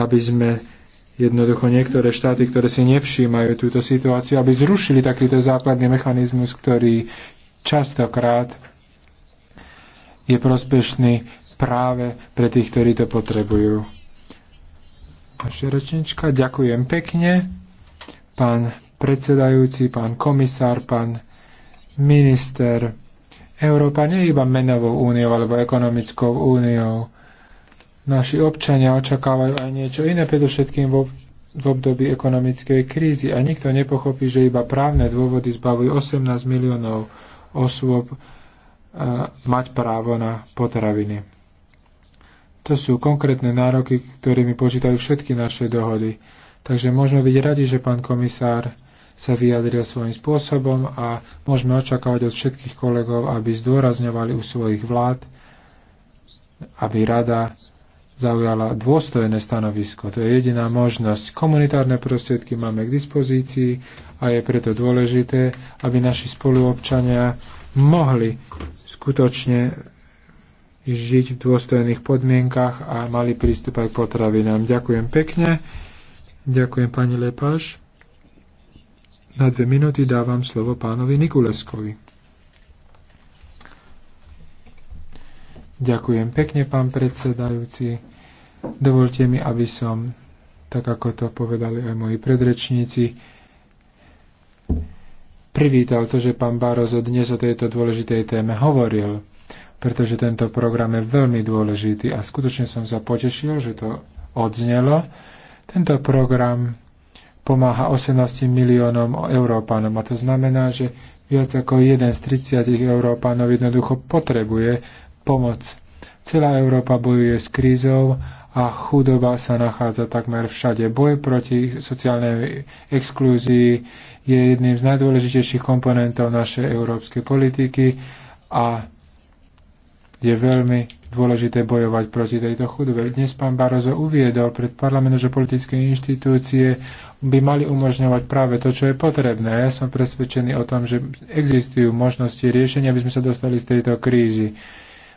aby sme jednoducho niektoré štáty, ktoré si nevšímajú túto situáciu, aby zrušili takýto základný mechanizmus, ktorý častokrát je prospešný práve pre tých, ktorí to potrebujú. Naša ďakujem pekne. Pán predsedajúci, pán komisár, pán minister. Európa nie je iba menovou úniou alebo ekonomickou úniou. Naši občania očakávajú aj niečo iné, predovšetkým vo v období ekonomickej krízy a nikto nepochopí, že iba právne dôvody zbavujú 18 miliónov osôb mať právo na potraviny. To sú konkrétne nároky, ktorými počítajú všetky naše dohody. Takže môžeme byť radi, že pán komisár sa vyjadril svojím spôsobom a môžeme očakávať od všetkých kolegov, aby zdôrazňovali u svojich vlád, aby rada zaujala dôstojné stanovisko. To je jediná možnosť. Komunitárne prostriedky máme k dispozícii a je preto dôležité, aby naši spoluobčania mohli skutočne žiť v dôstojných podmienkach a mali prístup aj k potravinám. Ďakujem pekne. Ďakujem pani Lepáš. Na dve minúty dávam slovo pánovi Nikuleskovi. Ďakujem pekne, pán predsedajúci. Dovolte mi, aby som, tak ako to povedali aj moji predrečníci, privítal to, že pán Barozo dnes o tejto dôležitej téme hovoril, pretože tento program je veľmi dôležitý a skutočne som sa potešil, že to odznelo. Tento program pomáha 18 miliónom Európanom a to znamená, že viac ako jeden z 30 Európanov jednoducho potrebuje pomoc. Celá Európa bojuje s krízou a chudoba sa nachádza takmer všade. Boj proti sociálnej exklúzii je jedným z najdôležitejších komponentov našej európskej politiky a je veľmi dôležité bojovať proti tejto chudobe. Dnes pán Barozo uviedol pred parlamentom, že politické inštitúcie by mali umožňovať práve to, čo je potrebné. Ja som presvedčený o tom, že existujú možnosti riešenia, aby sme sa dostali z tejto krízy.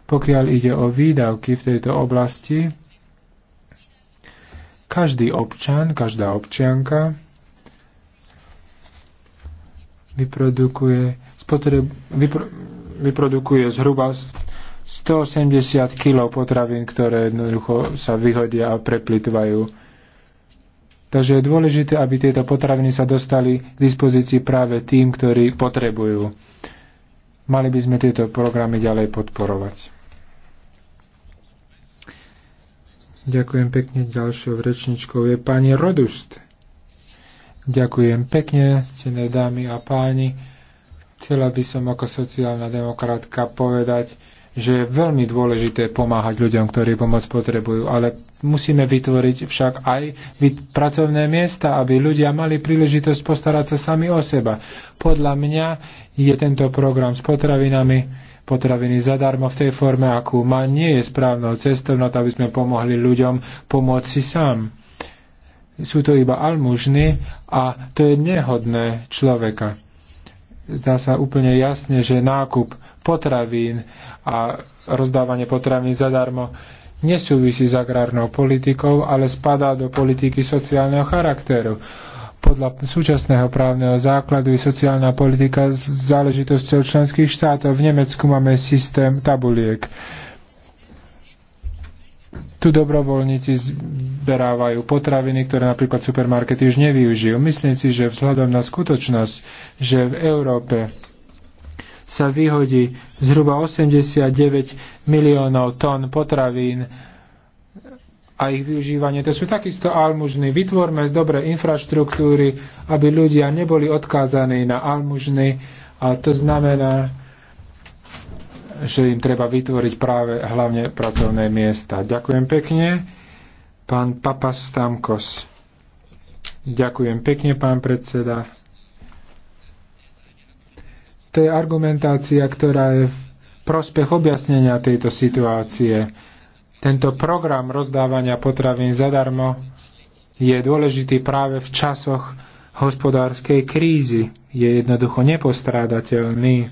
Pokiaľ ide o výdavky v tejto oblasti, každý občan, každá občianka vyprodukuje, spotreb, vypro, vyprodukuje zhruba 180 kg potravín, ktoré jednoducho sa vyhodia a preplitvajú. Takže je dôležité, aby tieto potraviny sa dostali k dispozícii práve tým, ktorí potrebujú. Mali by sme tieto programy ďalej podporovať. Ďakujem pekne. Ďalšou rečničkou je pani Rodust. Ďakujem pekne, cené dámy a páni. Chcela by som ako sociálna demokratka povedať, že je veľmi dôležité pomáhať ľuďom, ktorí pomoc potrebujú, ale musíme vytvoriť však aj pracovné miesta, aby ľudia mali príležitosť postarať sa sami o seba. Podľa mňa je tento program s potravinami potraviny zadarmo v tej forme, akú má, nie je správnou cestou na to, aby sme pomohli ľuďom pomôcť si sám. Sú to iba almužny a to je nehodné človeka. Zdá sa úplne jasne, že nákup potravín a rozdávanie potravín zadarmo nesúvisí s agrárnou politikou, ale spadá do politiky sociálneho charakteru podľa súčasného právneho základu je sociálna politika záležitosťou členských štátov. V Nemecku máme systém tabuliek. Tu dobrovoľníci zberávajú potraviny, ktoré napríklad supermarkety už nevyužijú. Myslím si, že vzhľadom na skutočnosť, že v Európe sa vyhodí zhruba 89 miliónov tón potravín a ich využívanie. To sú takisto almužny. Vytvorme z dobrej infraštruktúry, aby ľudia neboli odkázaní na almužny a to znamená, že im treba vytvoriť práve hlavne pracovné miesta. Ďakujem pekne. Pán Papa Stamkos. Ďakujem pekne, pán predseda. To je argumentácia, ktorá je v prospech objasnenia tejto situácie. Tento program rozdávania potravín zadarmo je dôležitý práve v časoch hospodárskej krízy. Je jednoducho nepostrádateľný.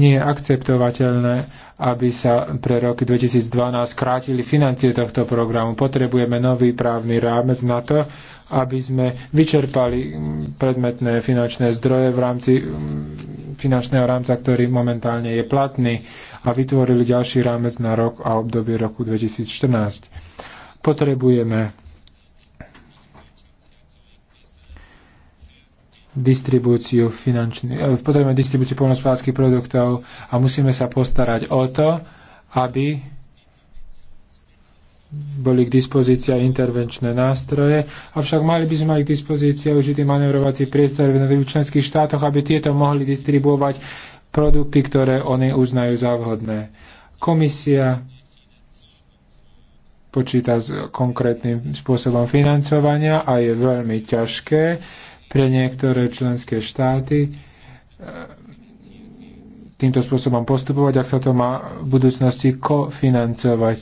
Nie je akceptovateľné, aby sa pre roky 2012 krátili financie tohto programu. Potrebujeme nový právny rámec na to, aby sme vyčerpali mm, predmetné finančné zdroje v rámci mm, finančného rámca, ktorý momentálne je platný a vytvorili ďalší rámec na rok a obdobie roku 2014. Potrebujeme distribúciu finančných, e, potrebujeme distribúciu poľnospodárských produktov a musíme sa postarať o to, aby boli k dispozícii intervenčné nástroje, avšak mali by sme mať k dispozícii určitý manevrovací priestor v jednotlivých členských štátoch, aby tieto mohli distribuovať produkty, ktoré oni uznajú za vhodné. Komisia počíta s konkrétnym spôsobom financovania a je veľmi ťažké pre niektoré členské štáty eh, týmto spôsobom postupovať, ak sa to má v budúcnosti kofinancovať.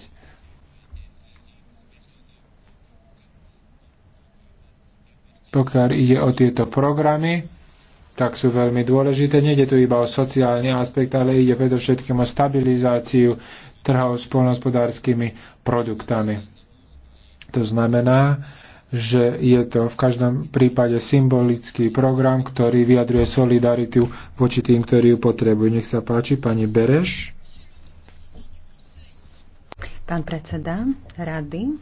Pokiaľ ide o tieto programy, tak sú veľmi dôležité. Nede tu iba o sociálny aspekt, ale ide predovšetkým o stabilizáciu trhov s polnospodárskymi produktami. To znamená, že je to v každom prípade symbolický program, ktorý vyjadruje solidaritu voči tým, ktorí ju potrebujú. Nech sa páči, pani Bereš. Pán predseda rady,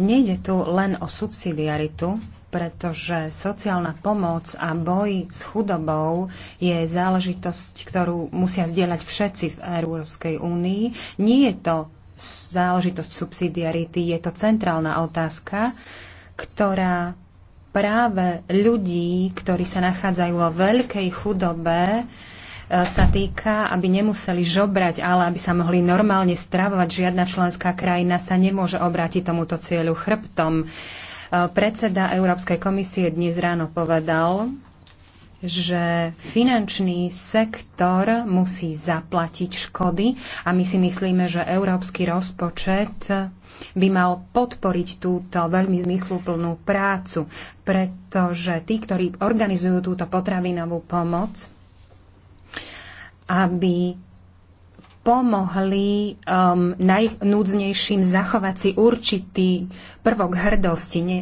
nejde tu len o subsidiaritu, pretože sociálna pomoc a boj s chudobou je záležitosť, ktorú musia zdieľať všetci v Európskej únii. Nie je to záležitosť subsidiarity, je to centrálna otázka, ktorá práve ľudí, ktorí sa nachádzajú vo veľkej chudobe, e, sa týka, aby nemuseli žobrať, ale aby sa mohli normálne stravovať. Žiadna členská krajina sa nemôže obrátiť tomuto cieľu chrbtom. Uh, Eh, predseda Európskej komisie dnes ráno povedal, že finančný sektor musí zaplatiť škody a my si myslíme, že európsky rozpočet by mal podporiť túto veľmi zmysluplnú prácu, pretože tí, ktorí organizujú túto potravinovú pomoc, aby pomohli um, najnúdznejším zachovať si určitý prvok hrdosti. Nie,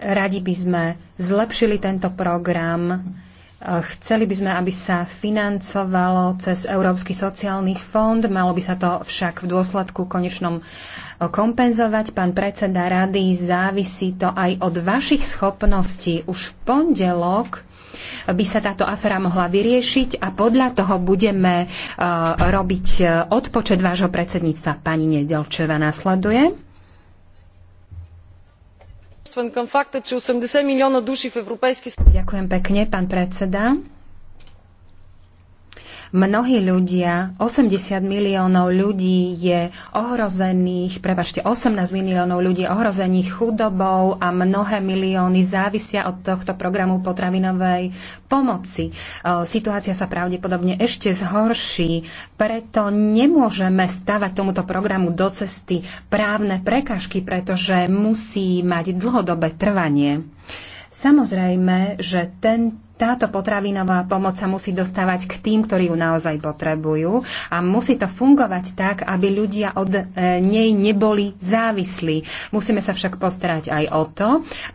radi by sme zlepšili tento program. Chceli by sme, aby sa financovalo cez Európsky sociálny fond, malo by sa to však v dôsledku konečnom kompenzovať. Pán predseda rady, závisí to aj od vašich schopností. Už v pondelok by sa táto afera mohla vyriešiť a podľa toho budeme e, robiť e, odpočet vášho predsedníctva. Pani Nedelčeva následuje Ďakujem pekne, pán predseda. Mnohí ľudia, 80 miliónov ľudí je ohrozených, prebažte, 18 miliónov ľudí je ohrozených chudobou a mnohé milióny závisia od tohto programu potravinovej pomoci. E, situácia sa pravdepodobne ešte zhorší, preto nemôžeme stavať tomuto programu do cesty právne prekažky, pretože musí mať dlhodobé trvanie. Samozrejme, že ten táto potravinová pomoc sa musí dostávať k tým, ktorí ju naozaj potrebujú a musí to fungovať tak, aby ľudia od e, nej neboli závislí. Musíme sa však postarať aj o to,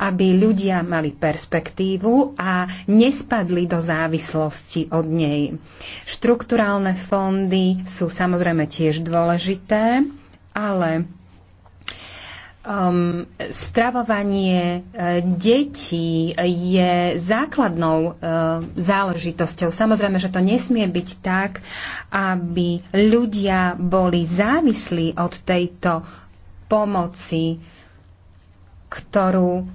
aby ľudia mali perspektívu a nespadli do závislosti od nej. Štrukturálne fondy sú samozrejme tiež dôležité, ale Um, stravovanie uh, detí je základnou uh, záležitosťou. Samozrejme, že to nesmie byť tak, aby ľudia boli závislí od tejto pomoci, ktorú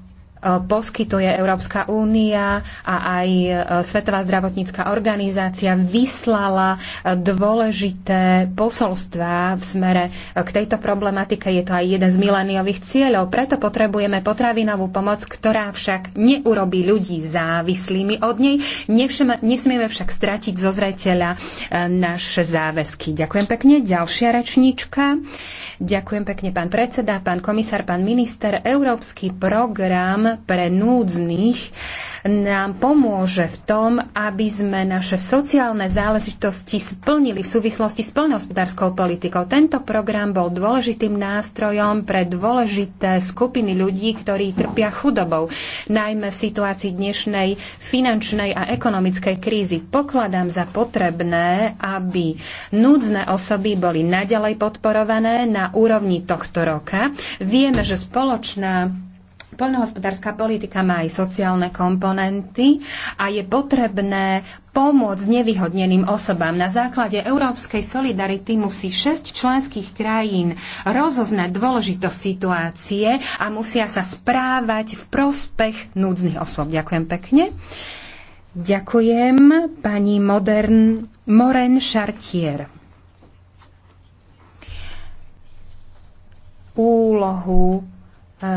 E, poskytuje Európska únia a aj e, Svetová zdravotnícká organizácia vyslala e, dôležité posolstvá v smere k tejto problematike. Je to aj jeden z miléniových cieľov. Preto potrebujeme potravinovú pomoc, ktorá však neurobí ľudí závislými od nej. nesmieme však stratiť zo zreteľa naše záväzky. Ďakujem pekne. Ďalšia rečníčka. Ďakujem pekne, pán predseda, pán komisár, pán minister. Európsky program pre núdznych nám pomôže v tom, aby sme naše sociálne záležitosti splnili v súvislosti s plnohospodárskou politikou. Tento program bol dôležitým nástrojom pre dôležité skupiny ľudí, ktorí trpia chudobou, najmä v situácii dnešnej finančnej a ekonomickej krízy. Pokladám za potrebné, aby núdzne osoby boli naďalej podporované na úrovni tohto roka. Vieme, že spoločná Poľnohospodárska politika má aj sociálne komponenty a je potrebné pomôcť nevyhodneným osobám. Na základe európskej solidarity musí 6 členských krajín rozoznať dôležitosť situácie a musia sa správať v prospech núdznych osôb. Ďakujem pekne. Ďakujem pani Modern Moren Chartier. Úlohu e,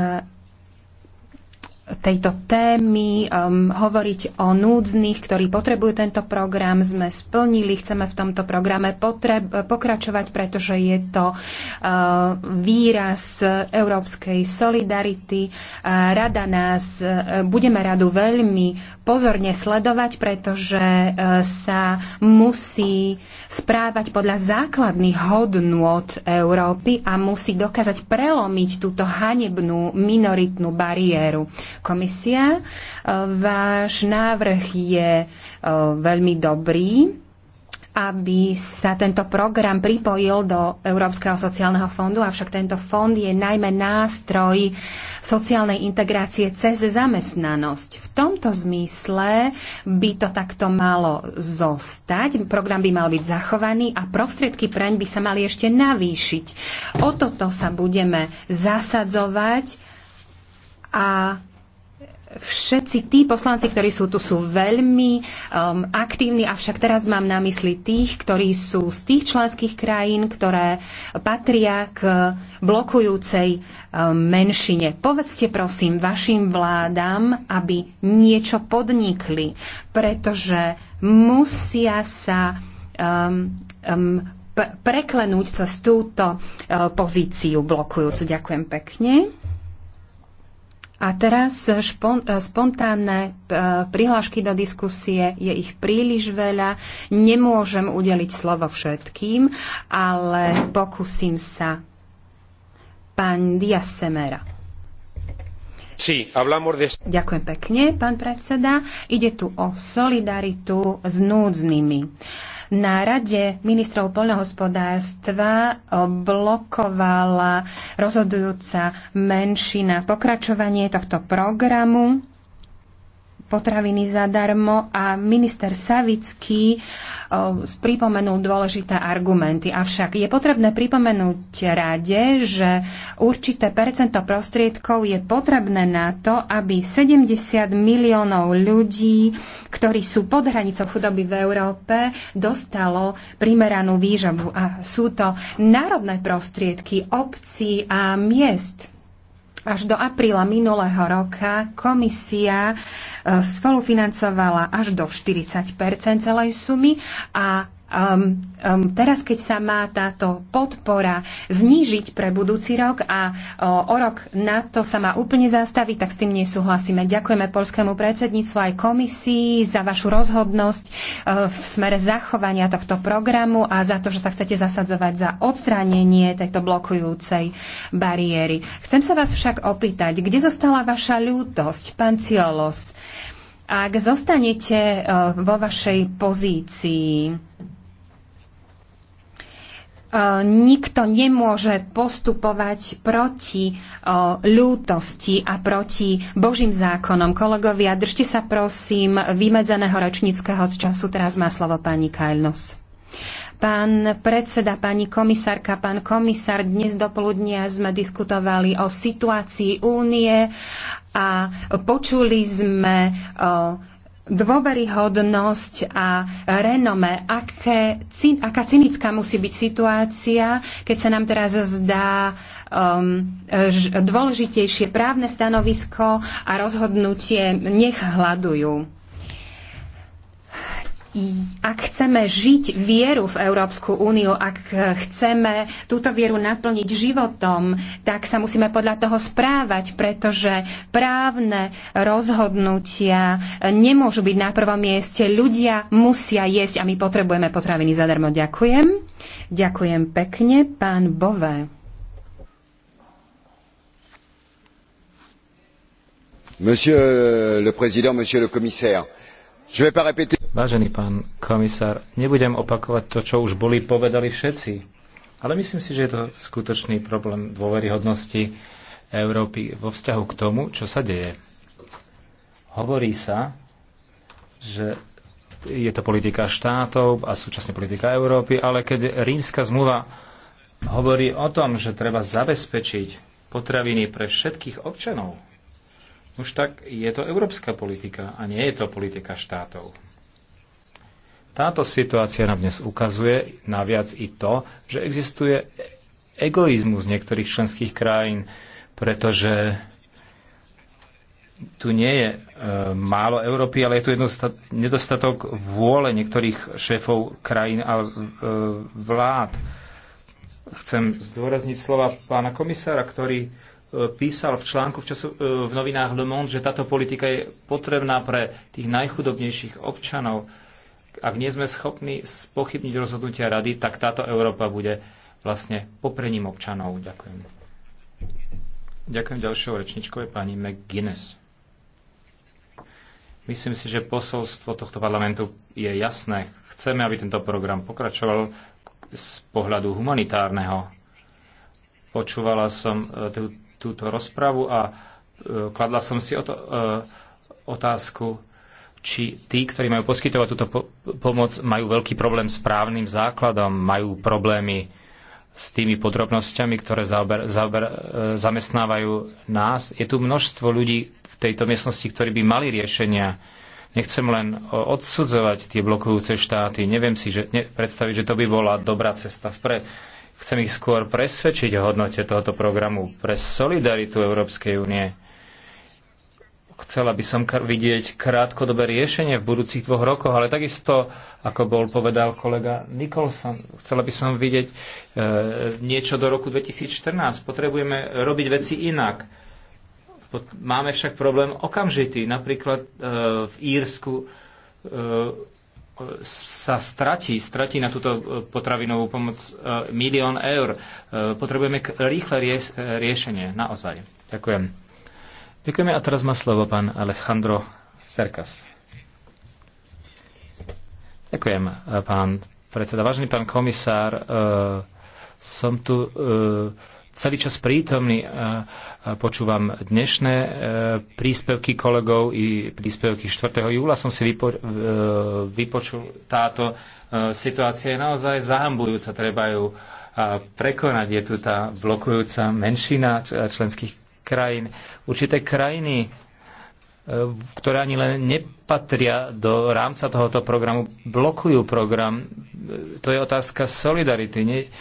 tejto témy, um, hovoriť o núdznych, ktorí potrebujú tento program, sme splnili. Chceme v tomto programe potreb- pokračovať, pretože je to uh, výraz európskej solidarity. Uh, rada nás, uh, budeme radu veľmi pozorne sledovať, pretože uh, sa musí správať podľa základných hodnôt Európy a musí dokázať prelomiť túto hanebnú minoritnú bariéru komisia. E, váš návrh je e, veľmi dobrý aby sa tento program pripojil do Európskeho sociálneho fondu, avšak tento fond je najmä nástroj sociálnej integrácie cez zamestnanosť. V tomto zmysle by to takto malo zostať, program by mal byť zachovaný a prostriedky preň by sa mali ešte navýšiť. O toto sa budeme zasadzovať a všetci tí poslanci, ktorí sú tu, sú veľmi um, aktívni, avšak teraz mám na mysli tých, ktorí sú z tých členských krajín, ktoré patria k blokujúcej um, menšine. Povedzte prosím vašim vládam, aby niečo podnikli, pretože musia sa um, um, preklenúť cez túto uh, pozíciu blokujúcu. Ďakujem pekne. A teraz e, spontánne e, prihlášky do diskusie, je ich príliš veľa, nemôžem udeliť slovo všetkým, ale pokúsim sa. Pán Dias Semera. Sí, de... Ďakujem pekne, pán predseda. Ide tu o solidaritu s núdznymi. Uh, na Rade ministrov poľnohospodárstva blokovala rozhodujúca menšina pokračovanie tohto programu potraviny zadarmo a minister Savický pripomenul dôležité argumenty. Avšak je potrebné pripomenúť rade, že určité percento prostriedkov je potrebné na to, aby 70 miliónov ľudí, ktorí sú pod hranicou chudoby v Európe, dostalo primeranú výžabu. A sú to národné prostriedky obcí a miest až do apríla minulého roka komisia e, spolufinancovala až do 40 celej sumy a Um, um, teraz, keď sa má táto podpora znížiť pre budúci rok a o, o rok na to sa má úplne zastaviť, tak s tým nesúhlasíme. Ďakujeme polskému predsedníctvu aj komisii za vašu rozhodnosť uh, v smere zachovania tohto programu a za to, že sa chcete zasadzovať za odstránenie tejto blokujúcej bariéry. Chcem sa vás však opýtať, kde zostala vaša ľútosť, pán Ciolos? Ak zostanete e, vo vašej pozícii, E, nikto nemôže postupovať proti ľútosti e, a proti Božím zákonom. Kolegovia, držte sa prosím vymedzeného ročníckého času. Teraz má slovo pani Kajlnos. Pán predseda, pani komisárka, pán komisár, dnes dopoludnia sme diskutovali o situácii únie a počuli sme o e, dôveryhodnosť a renome. Aké, aká cynická musí byť situácia, keď sa nám teraz zdá um, dôležitejšie právne stanovisko a rozhodnutie nech hľadujú ak chceme žiť vieru v Európsku úniu, ak chceme túto vieru naplniť životom, tak sa musíme podľa toho správať, pretože právne rozhodnutia nemôžu byť na prvom mieste. Ľudia musia jesť a my potrebujeme potraviny zadarmo. Ďakujem. Ďakujem pekne, pán Bové. Monsieur le président, monsieur le commissaire, Vážený pán komisár, nebudem opakovať to, čo už boli povedali všetci, ale myslím si, že je to skutočný problém dôveryhodnosti Európy vo vzťahu k tomu, čo sa deje. Hovorí sa, že je to politika štátov a súčasne politika Európy, ale keď rímska zmluva hovorí o tom, že treba zabezpečiť potraviny pre všetkých občanov, už tak je to európska politika a nie je to politika štátov. Táto situácia nám dnes ukazuje naviac i to, že existuje egoizmus niektorých členských krajín, pretože tu nie je e, málo Európy, ale je tu nedostatok vôle niektorých šéfov krajín a e, vlád. Chcem zdôrazniť slova pána komisára, ktorý písal v článku v, času, e, v novinách Le Monde, že táto politika je potrebná pre tých najchudobnejších občanov. Ak nie sme schopní spochybniť rozhodnutia rady, tak táto Európa bude vlastne poprením občanov. Ďakujem. Ďakujem ďalšieho rečničkou je pani McGuinness. Myslím si, že posolstvo tohto parlamentu je jasné. Chceme, aby tento program pokračoval z pohľadu humanitárneho. Počúvala som e, túto rozpravu a e, kladla som si o to, e, otázku, či tí, ktorí majú poskytovať túto po- pomoc, majú veľký problém s právnym základom, majú problémy s tými podrobnosťami, ktoré zaober, zaober, e, zamestnávajú nás. Je tu množstvo ľudí v tejto miestnosti, ktorí by mali riešenia. Nechcem len odsudzovať tie blokujúce štáty. Neviem si že, ne, predstaviť, že to by bola dobrá cesta vpred. Chcem ich skôr presvedčiť o hodnote tohoto programu pre solidaritu Európskej únie. Chcela by som vidieť krátkodobé riešenie v budúcich dvoch rokoch, ale takisto, ako bol povedal kolega Nicholson, chcela by som vidieť e, niečo do roku 2014. Potrebujeme robiť veci inak. Máme však problém okamžitý. Napríklad e, v Írsku e, sa stratí, stratí na túto e, potravinovú pomoc e, milión eur. E, potrebujeme rýchle riešenie, naozaj. Ďakujem. Ďakujeme a teraz má slovo pán Alejandro Serkas. Ďakujem, pán predseda. Vážený pán komisár, som tu celý čas prítomný. Počúvam dnešné e, príspevky kolegov i príspevky 4. júla som si vypo, e, vypočul. Táto e, situácia je naozaj zahambujúca, treba ju prekonať. Je tu tá blokujúca menšina členských krajín. Určité krajiny, ktoré ani len nepatria do rámca tohoto programu, blokujú program. To je otázka solidarity.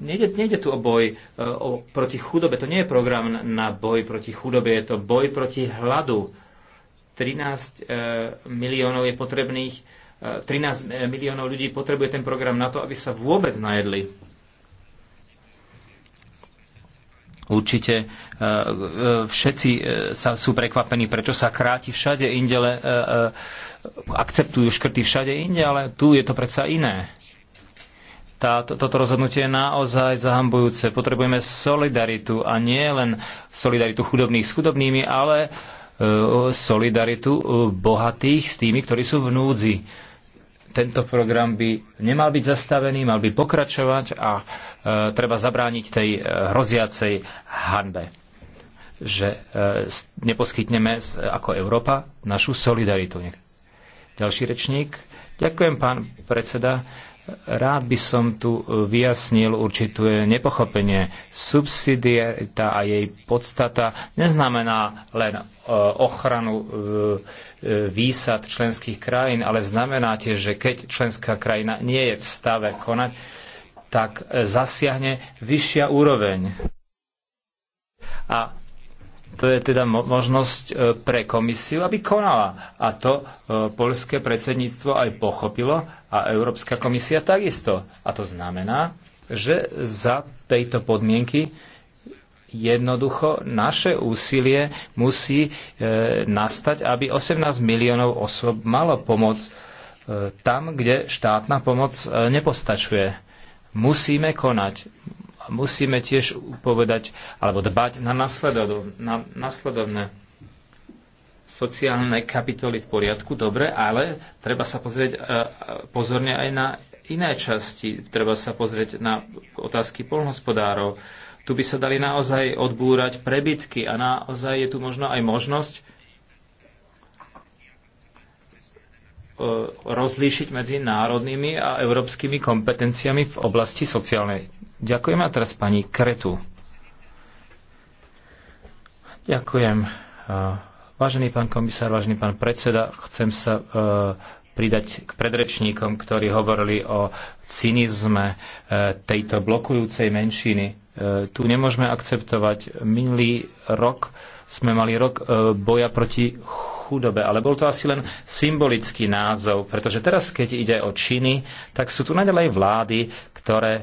Nejde, nejde tu o boj e, o, proti chudobe, to nie je program na boj proti chudobe, je to boj proti hladu. 13 e, miliónov je potrebných, 13 e, miliónov ľudí potrebuje ten program na to, aby sa vôbec najedli. Určite všetci sa, sú prekvapení, prečo sa kráti všade inde, akceptujú škrty všade inde, ale tu je to predsa iné tá, to, toto rozhodnutie je naozaj zahambujúce. Potrebujeme solidaritu a nie len solidaritu chudobných s chudobnými, ale e, solidaritu e, bohatých s tými, ktorí sú v núdzi. Tento program by nemal byť zastavený, mal by pokračovať a e, treba zabrániť tej e, hroziacej hanbe, že e, neposkytneme ako Európa našu solidaritu. Ďalší rečník. Ďakujem, pán predseda. Rád by som tu e, vyjasnil určité nepochopenie. Subsidiarita a jej podstata neznamená len e, ochranu e, výsad členských krajín, ale znamená tiež, že keď členská krajina nie je v stave konať, tak zasiahne vyššia úroveň. A to je teda možnosť pre komisiu, aby konala. A to poľské predsedníctvo aj pochopilo a Európska komisia takisto. A to znamená, že za tejto podmienky jednoducho naše úsilie musí e, nastať, aby 18 miliónov osob malo pomoc e, tam, kde štátna pomoc e, nepostačuje. Musíme konať. Musíme tiež povedať alebo dbať na, na nasledovné sociálne kapitoly v poriadku, dobre, ale treba sa pozrieť e, e, pozorne aj na iné časti. Treba sa pozrieť na otázky polnospodárov. Tu by sa dali naozaj odbúrať prebytky a naozaj je tu možno aj možnosť e, rozlíšiť medzi národnými a európskymi kompetenciami v oblasti sociálnej. Ďakujem a teraz pani Kretu. Ďakujem Vážený pán komisár, vážený pán predseda, chcem sa e, pridať k predrečníkom, ktorí hovorili o cynizme e, tejto blokujúcej menšiny. E, tu nemôžeme akceptovať. Minulý rok sme mali rok boja proti chudobe, ale bol to asi len symbolický názov, pretože teraz, keď ide o činy, tak sú tu naďalej vlády, ktoré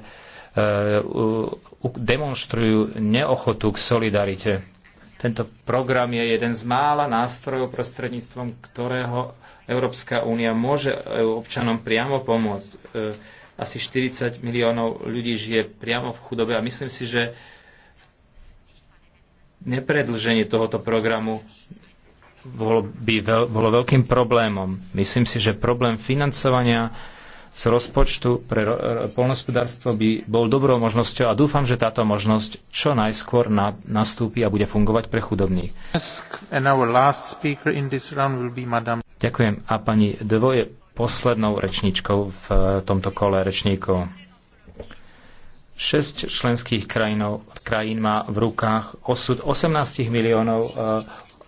demonstrujú neochotu k solidarite tento program je jeden z mála nástrojov, prostredníctvom ktorého Európska únia môže e, občanom priamo pomôcť. E, asi 40 miliónov ľudí žije priamo v chudobe a myslím si, že nepredlženie tohoto programu bolo, by veľ, bolo veľkým problémom. Myslím si, že problém financovania z rozpočtu pre e, polnospodárstvo by bol dobrou možnosťou a dúfam, že táto možnosť čo najskôr na, nastúpi a bude fungovať pre chudobných. Ďakujem. A pani Devo je poslednou rečníčkou v e, tomto kole rečníkov. Šesť členských krajinov, krajín má v rukách osud 18 miliónov e,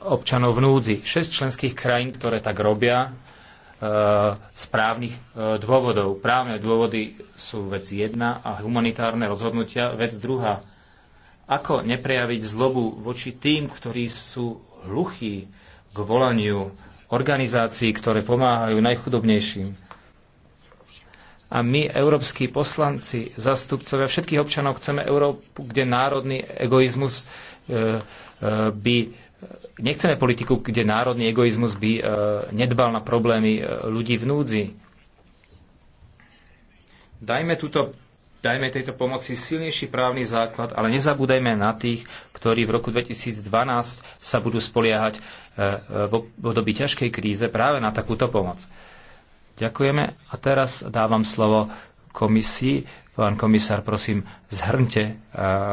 občanov v núdzi. Šesť členských krajín, ktoré tak robia, E, správnych e, dôvodov. Právne dôvody sú vec jedna a humanitárne rozhodnutia vec druhá. Ako neprejaviť zlobu voči tým, ktorí sú hluchí k volaniu organizácií, ktoré pomáhajú najchudobnejším? A my, európsky poslanci, zastupcovia všetkých občanov, chceme Európu, kde národný egoizmus e, by Nechceme politiku, kde národný egoizmus by e, nedbal na problémy e, ľudí v núdzi. Dajme, túto, dajme tejto pomoci silnejší právny základ, ale nezabúdajme na tých, ktorí v roku 2012 sa budú spoliehať e, v období ťažkej kríze práve na takúto pomoc. Ďakujeme a teraz dávam slovo komisii. Pán komisár, prosím, zhrňte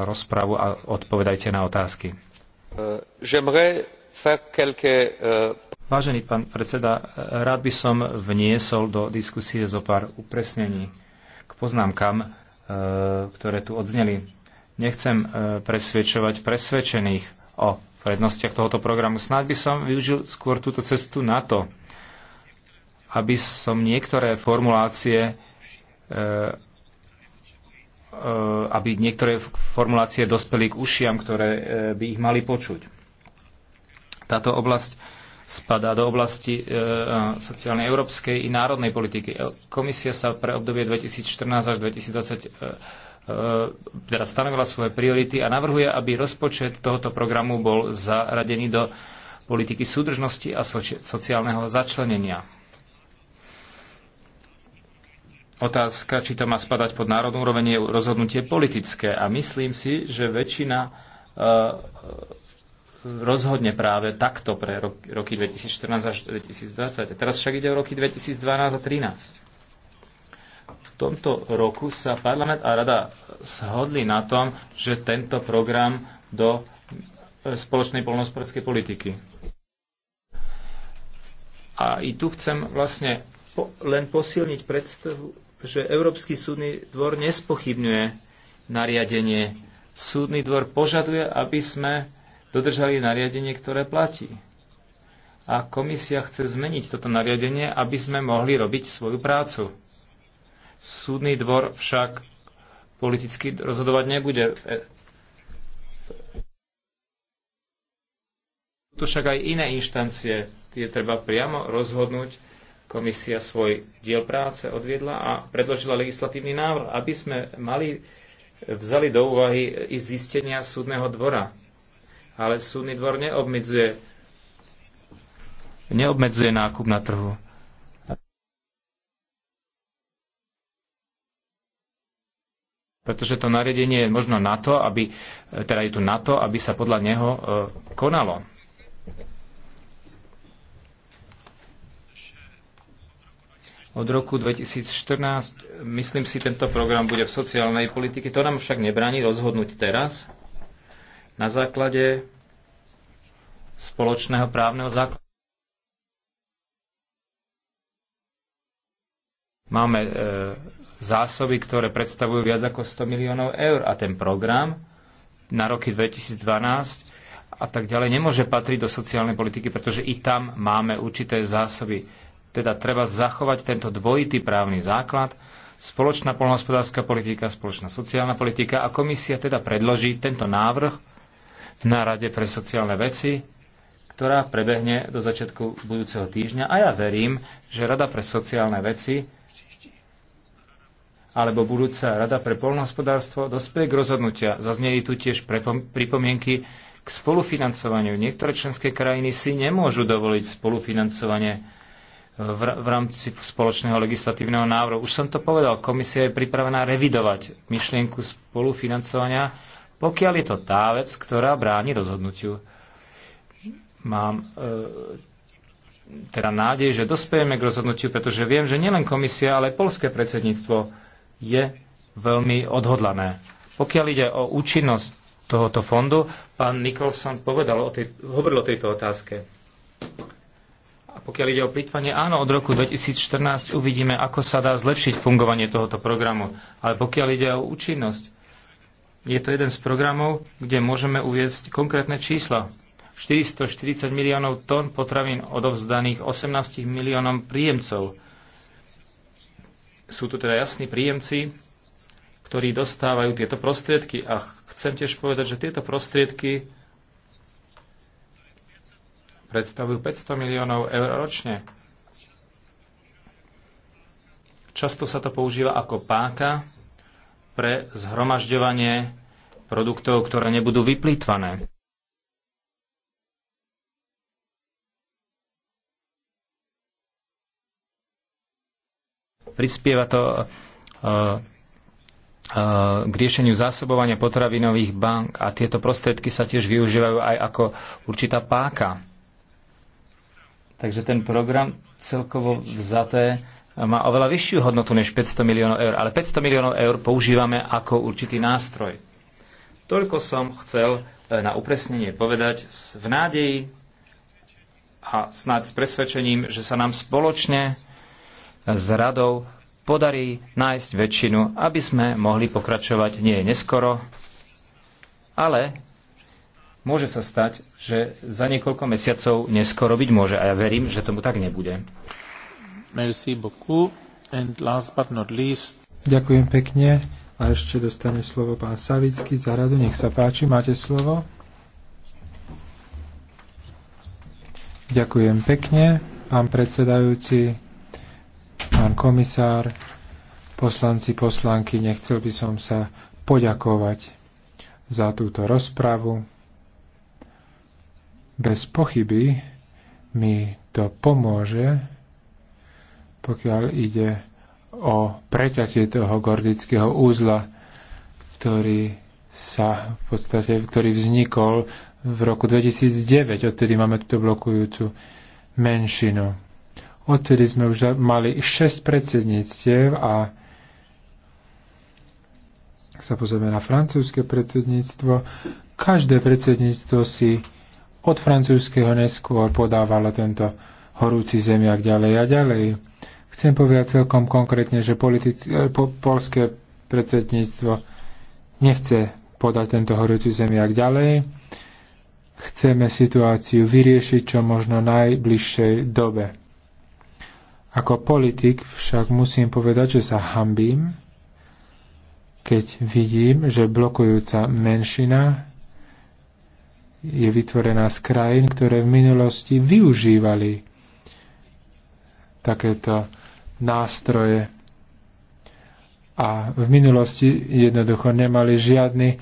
rozpravu a odpovedajte na otázky. Euh, euh, Vážený pán predseda, rád by som vniesol do diskusie zo pár upresnení k poznámkam, e, ktoré tu odzneli. Nechcem e, presvedčovať presvedčených o prednostiach tohoto programu. Snáď by som využil skôr túto cestu na to, aby som niektoré formulácie e, E, aby niektoré formulácie dospeli k ušiam, ktoré e, by ich mali počuť. Táto oblasť spadá do oblasti e, sociálnej európskej i národnej politiky. Komisia sa pre obdobie 2014 až 2020 teda stanovila svoje priority a navrhuje, aby rozpočet tohoto programu bol zaradený do politiky súdržnosti a sociálneho začlenenia. Otázka, či to má spadať pod národnú úroveň, je rozhodnutie politické. A myslím si, že väčšina e, rozhodne práve takto pre roky 2014 až 2020. A teraz však ide o roky 2012 a 2013. V tomto roku sa parlament a rada shodli na tom, že tento program do e, spoločnej polnospodárskej politiky. A i tu chcem vlastne po, len posilniť predstavu že Európsky súdny dvor nespochybňuje nariadenie. Súdny dvor požaduje, aby sme dodržali nariadenie, ktoré platí. A komisia chce zmeniť toto nariadenie, aby sme mohli robiť svoju prácu. Súdny dvor však politicky rozhodovať nebude. Tu však aj iné inštancie, tie treba priamo rozhodnúť, Komisia svoj diel práce odviedla a predložila legislatívny návrh, aby sme mali, vzali do úvahy i zistenia súdneho dvora. Ale súdny dvor neobmedzuje, neobmedzuje nákup na trhu. pretože to nariadenie je možno na to, aby, teda je tu na to, aby sa podľa neho e, konalo. od roku 2014. Myslím si, tento program bude v sociálnej politike. To nám však nebráni rozhodnúť teraz na základe spoločného právneho základu. Máme e, zásoby, ktoré predstavujú viac ako 100 miliónov eur a ten program na roky 2012 a tak ďalej nemôže patriť do sociálnej politiky, pretože i tam máme určité zásoby. Teda treba zachovať tento dvojitý právny základ, spoločná polnohospodárska politika, spoločná sociálna politika a komisia teda predloží tento návrh na Rade pre sociálne veci, ktorá prebehne do začiatku budúceho týždňa a ja verím, že Rada pre sociálne veci alebo budúca Rada pre polnohospodárstvo dospeje k rozhodnutia. Zazneli tu tiež pripomienky k spolufinancovaniu. Niektoré členské krajiny si nemôžu dovoliť spolufinancovanie v, v rámci spoločného legislatívneho návrhu. Už som to povedal, komisia je pripravená revidovať myšlienku spolufinancovania, pokiaľ je to tá vec, ktorá bráni rozhodnutiu. Mám e, teda nádej, že dospejeme k rozhodnutiu, pretože viem, že nielen komisia, ale aj polské predsedníctvo je veľmi odhodlané. Pokiaľ ide o účinnosť tohoto fondu, pán Nicholson povedal o tej, hovoril o tejto otázke. A pokiaľ ide o plýtvanie, áno, od roku 2014 uvidíme, ako sa dá zlepšiť fungovanie tohoto programu. Ale pokiaľ ide o účinnosť, je to jeden z programov, kde môžeme uviezť konkrétne čísla. 440 miliónov tón potravín odovzdaných 18 miliónom príjemcov. Sú tu teda jasní príjemci, ktorí dostávajú tieto prostriedky a chcem tiež povedať, že tieto prostriedky predstavujú 500 miliónov eur ročne. Často sa to používa ako páka pre zhromažďovanie produktov, ktoré nebudú vyplýtvané. Prispieva to e, e, k riešeniu zásobovania potravinových bank a tieto prostriedky sa tiež využívajú aj ako určitá páka. Takže ten program celkovo vzaté má oveľa vyššiu hodnotu než 500 miliónov eur, ale 500 miliónov eur používame ako určitý nástroj. Toľko som chcel e, na upresnenie povedať v nádeji a snáď s presvedčením, že sa nám spoločne e, s radou podarí nájsť väčšinu, aby sme mohli pokračovať nie neskoro, ale môže sa stať, že za niekoľko mesiacov neskoro byť môže a ja verím, že tomu tak nebude. Merci beaucoup. And last but not least... Ďakujem pekne a ešte dostane slovo pán Savický za radu. Nech sa páči, máte slovo. Ďakujem pekne, pán predsedajúci, pán komisár, poslanci, poslanky, nechcel by som sa poďakovať za túto rozpravu, bez pochyby mi to pomôže, pokiaľ ide o preťatie toho gordického úzla, ktorý sa v podstate, ktorý vznikol v roku 2009, odtedy máme túto blokujúcu menšinu. Odtedy sme už mali 6 predsedníctiev a ak sa pozrieme na francúzske predsedníctvo, každé predsedníctvo si od francúzského neskôr podávala tento horúci zemiak ďalej a ďalej. Chcem povedať celkom konkrétne, že eh, po, polské predsedníctvo nechce podať tento horúci zemiak ďalej. Chceme situáciu vyriešiť čo možno najbližšej dobe. Ako politik však musím povedať, že sa hambím, keď vidím, že blokujúca menšina je vytvorená z krajín, ktoré v minulosti využívali takéto nástroje a v minulosti jednoducho nemali žiadny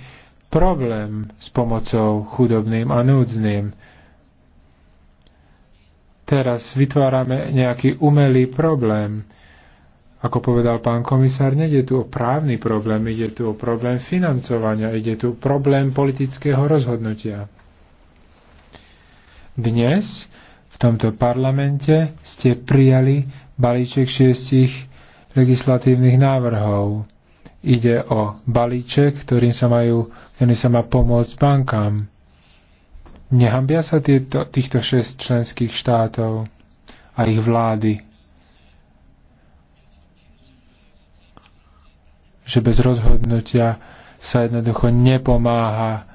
problém s pomocou chudobným a núdzným. Teraz vytvárame nejaký umelý problém. Ako povedal pán komisár, nejde tu o právny problém, ide tu o problém financovania, ide tu o problém politického rozhodnutia. Dnes v tomto parlamente ste prijali balíček šiestich legislatívnych návrhov. Ide o balíček, ktorým sa, majú, ktorým sa má pomôcť bankám. Nehambia sa tieto, týchto šest členských štátov a ich vlády, že bez rozhodnutia sa jednoducho nepomáha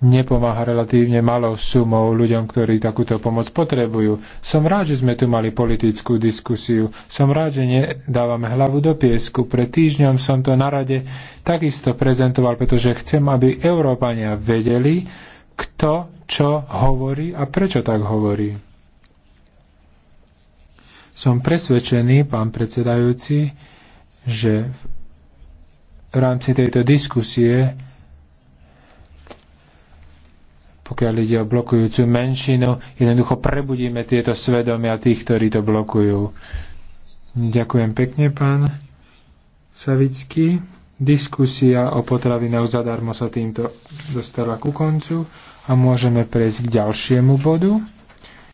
nepomáha relatívne malou sumou ľuďom, ktorí takúto pomoc potrebujú. Som rád, že sme tu mali politickú diskusiu. Som rád, že nedávame hlavu do piesku. Pre týždňom som to na rade takisto prezentoval, pretože chcem, aby Európania vedeli, kto čo hovorí a prečo tak hovorí. Som presvedčený, pán predsedajúci, že v rámci tejto diskusie pokiaľ ide o blokujúcu menšinu. Jednoducho prebudíme tieto svedomia tých, ktorí to blokujú. Ďakujem pekne, pán Savický. Diskusia o potravinách zadarmo sa týmto dostala ku koncu a môžeme prejsť k ďalšiemu bodu.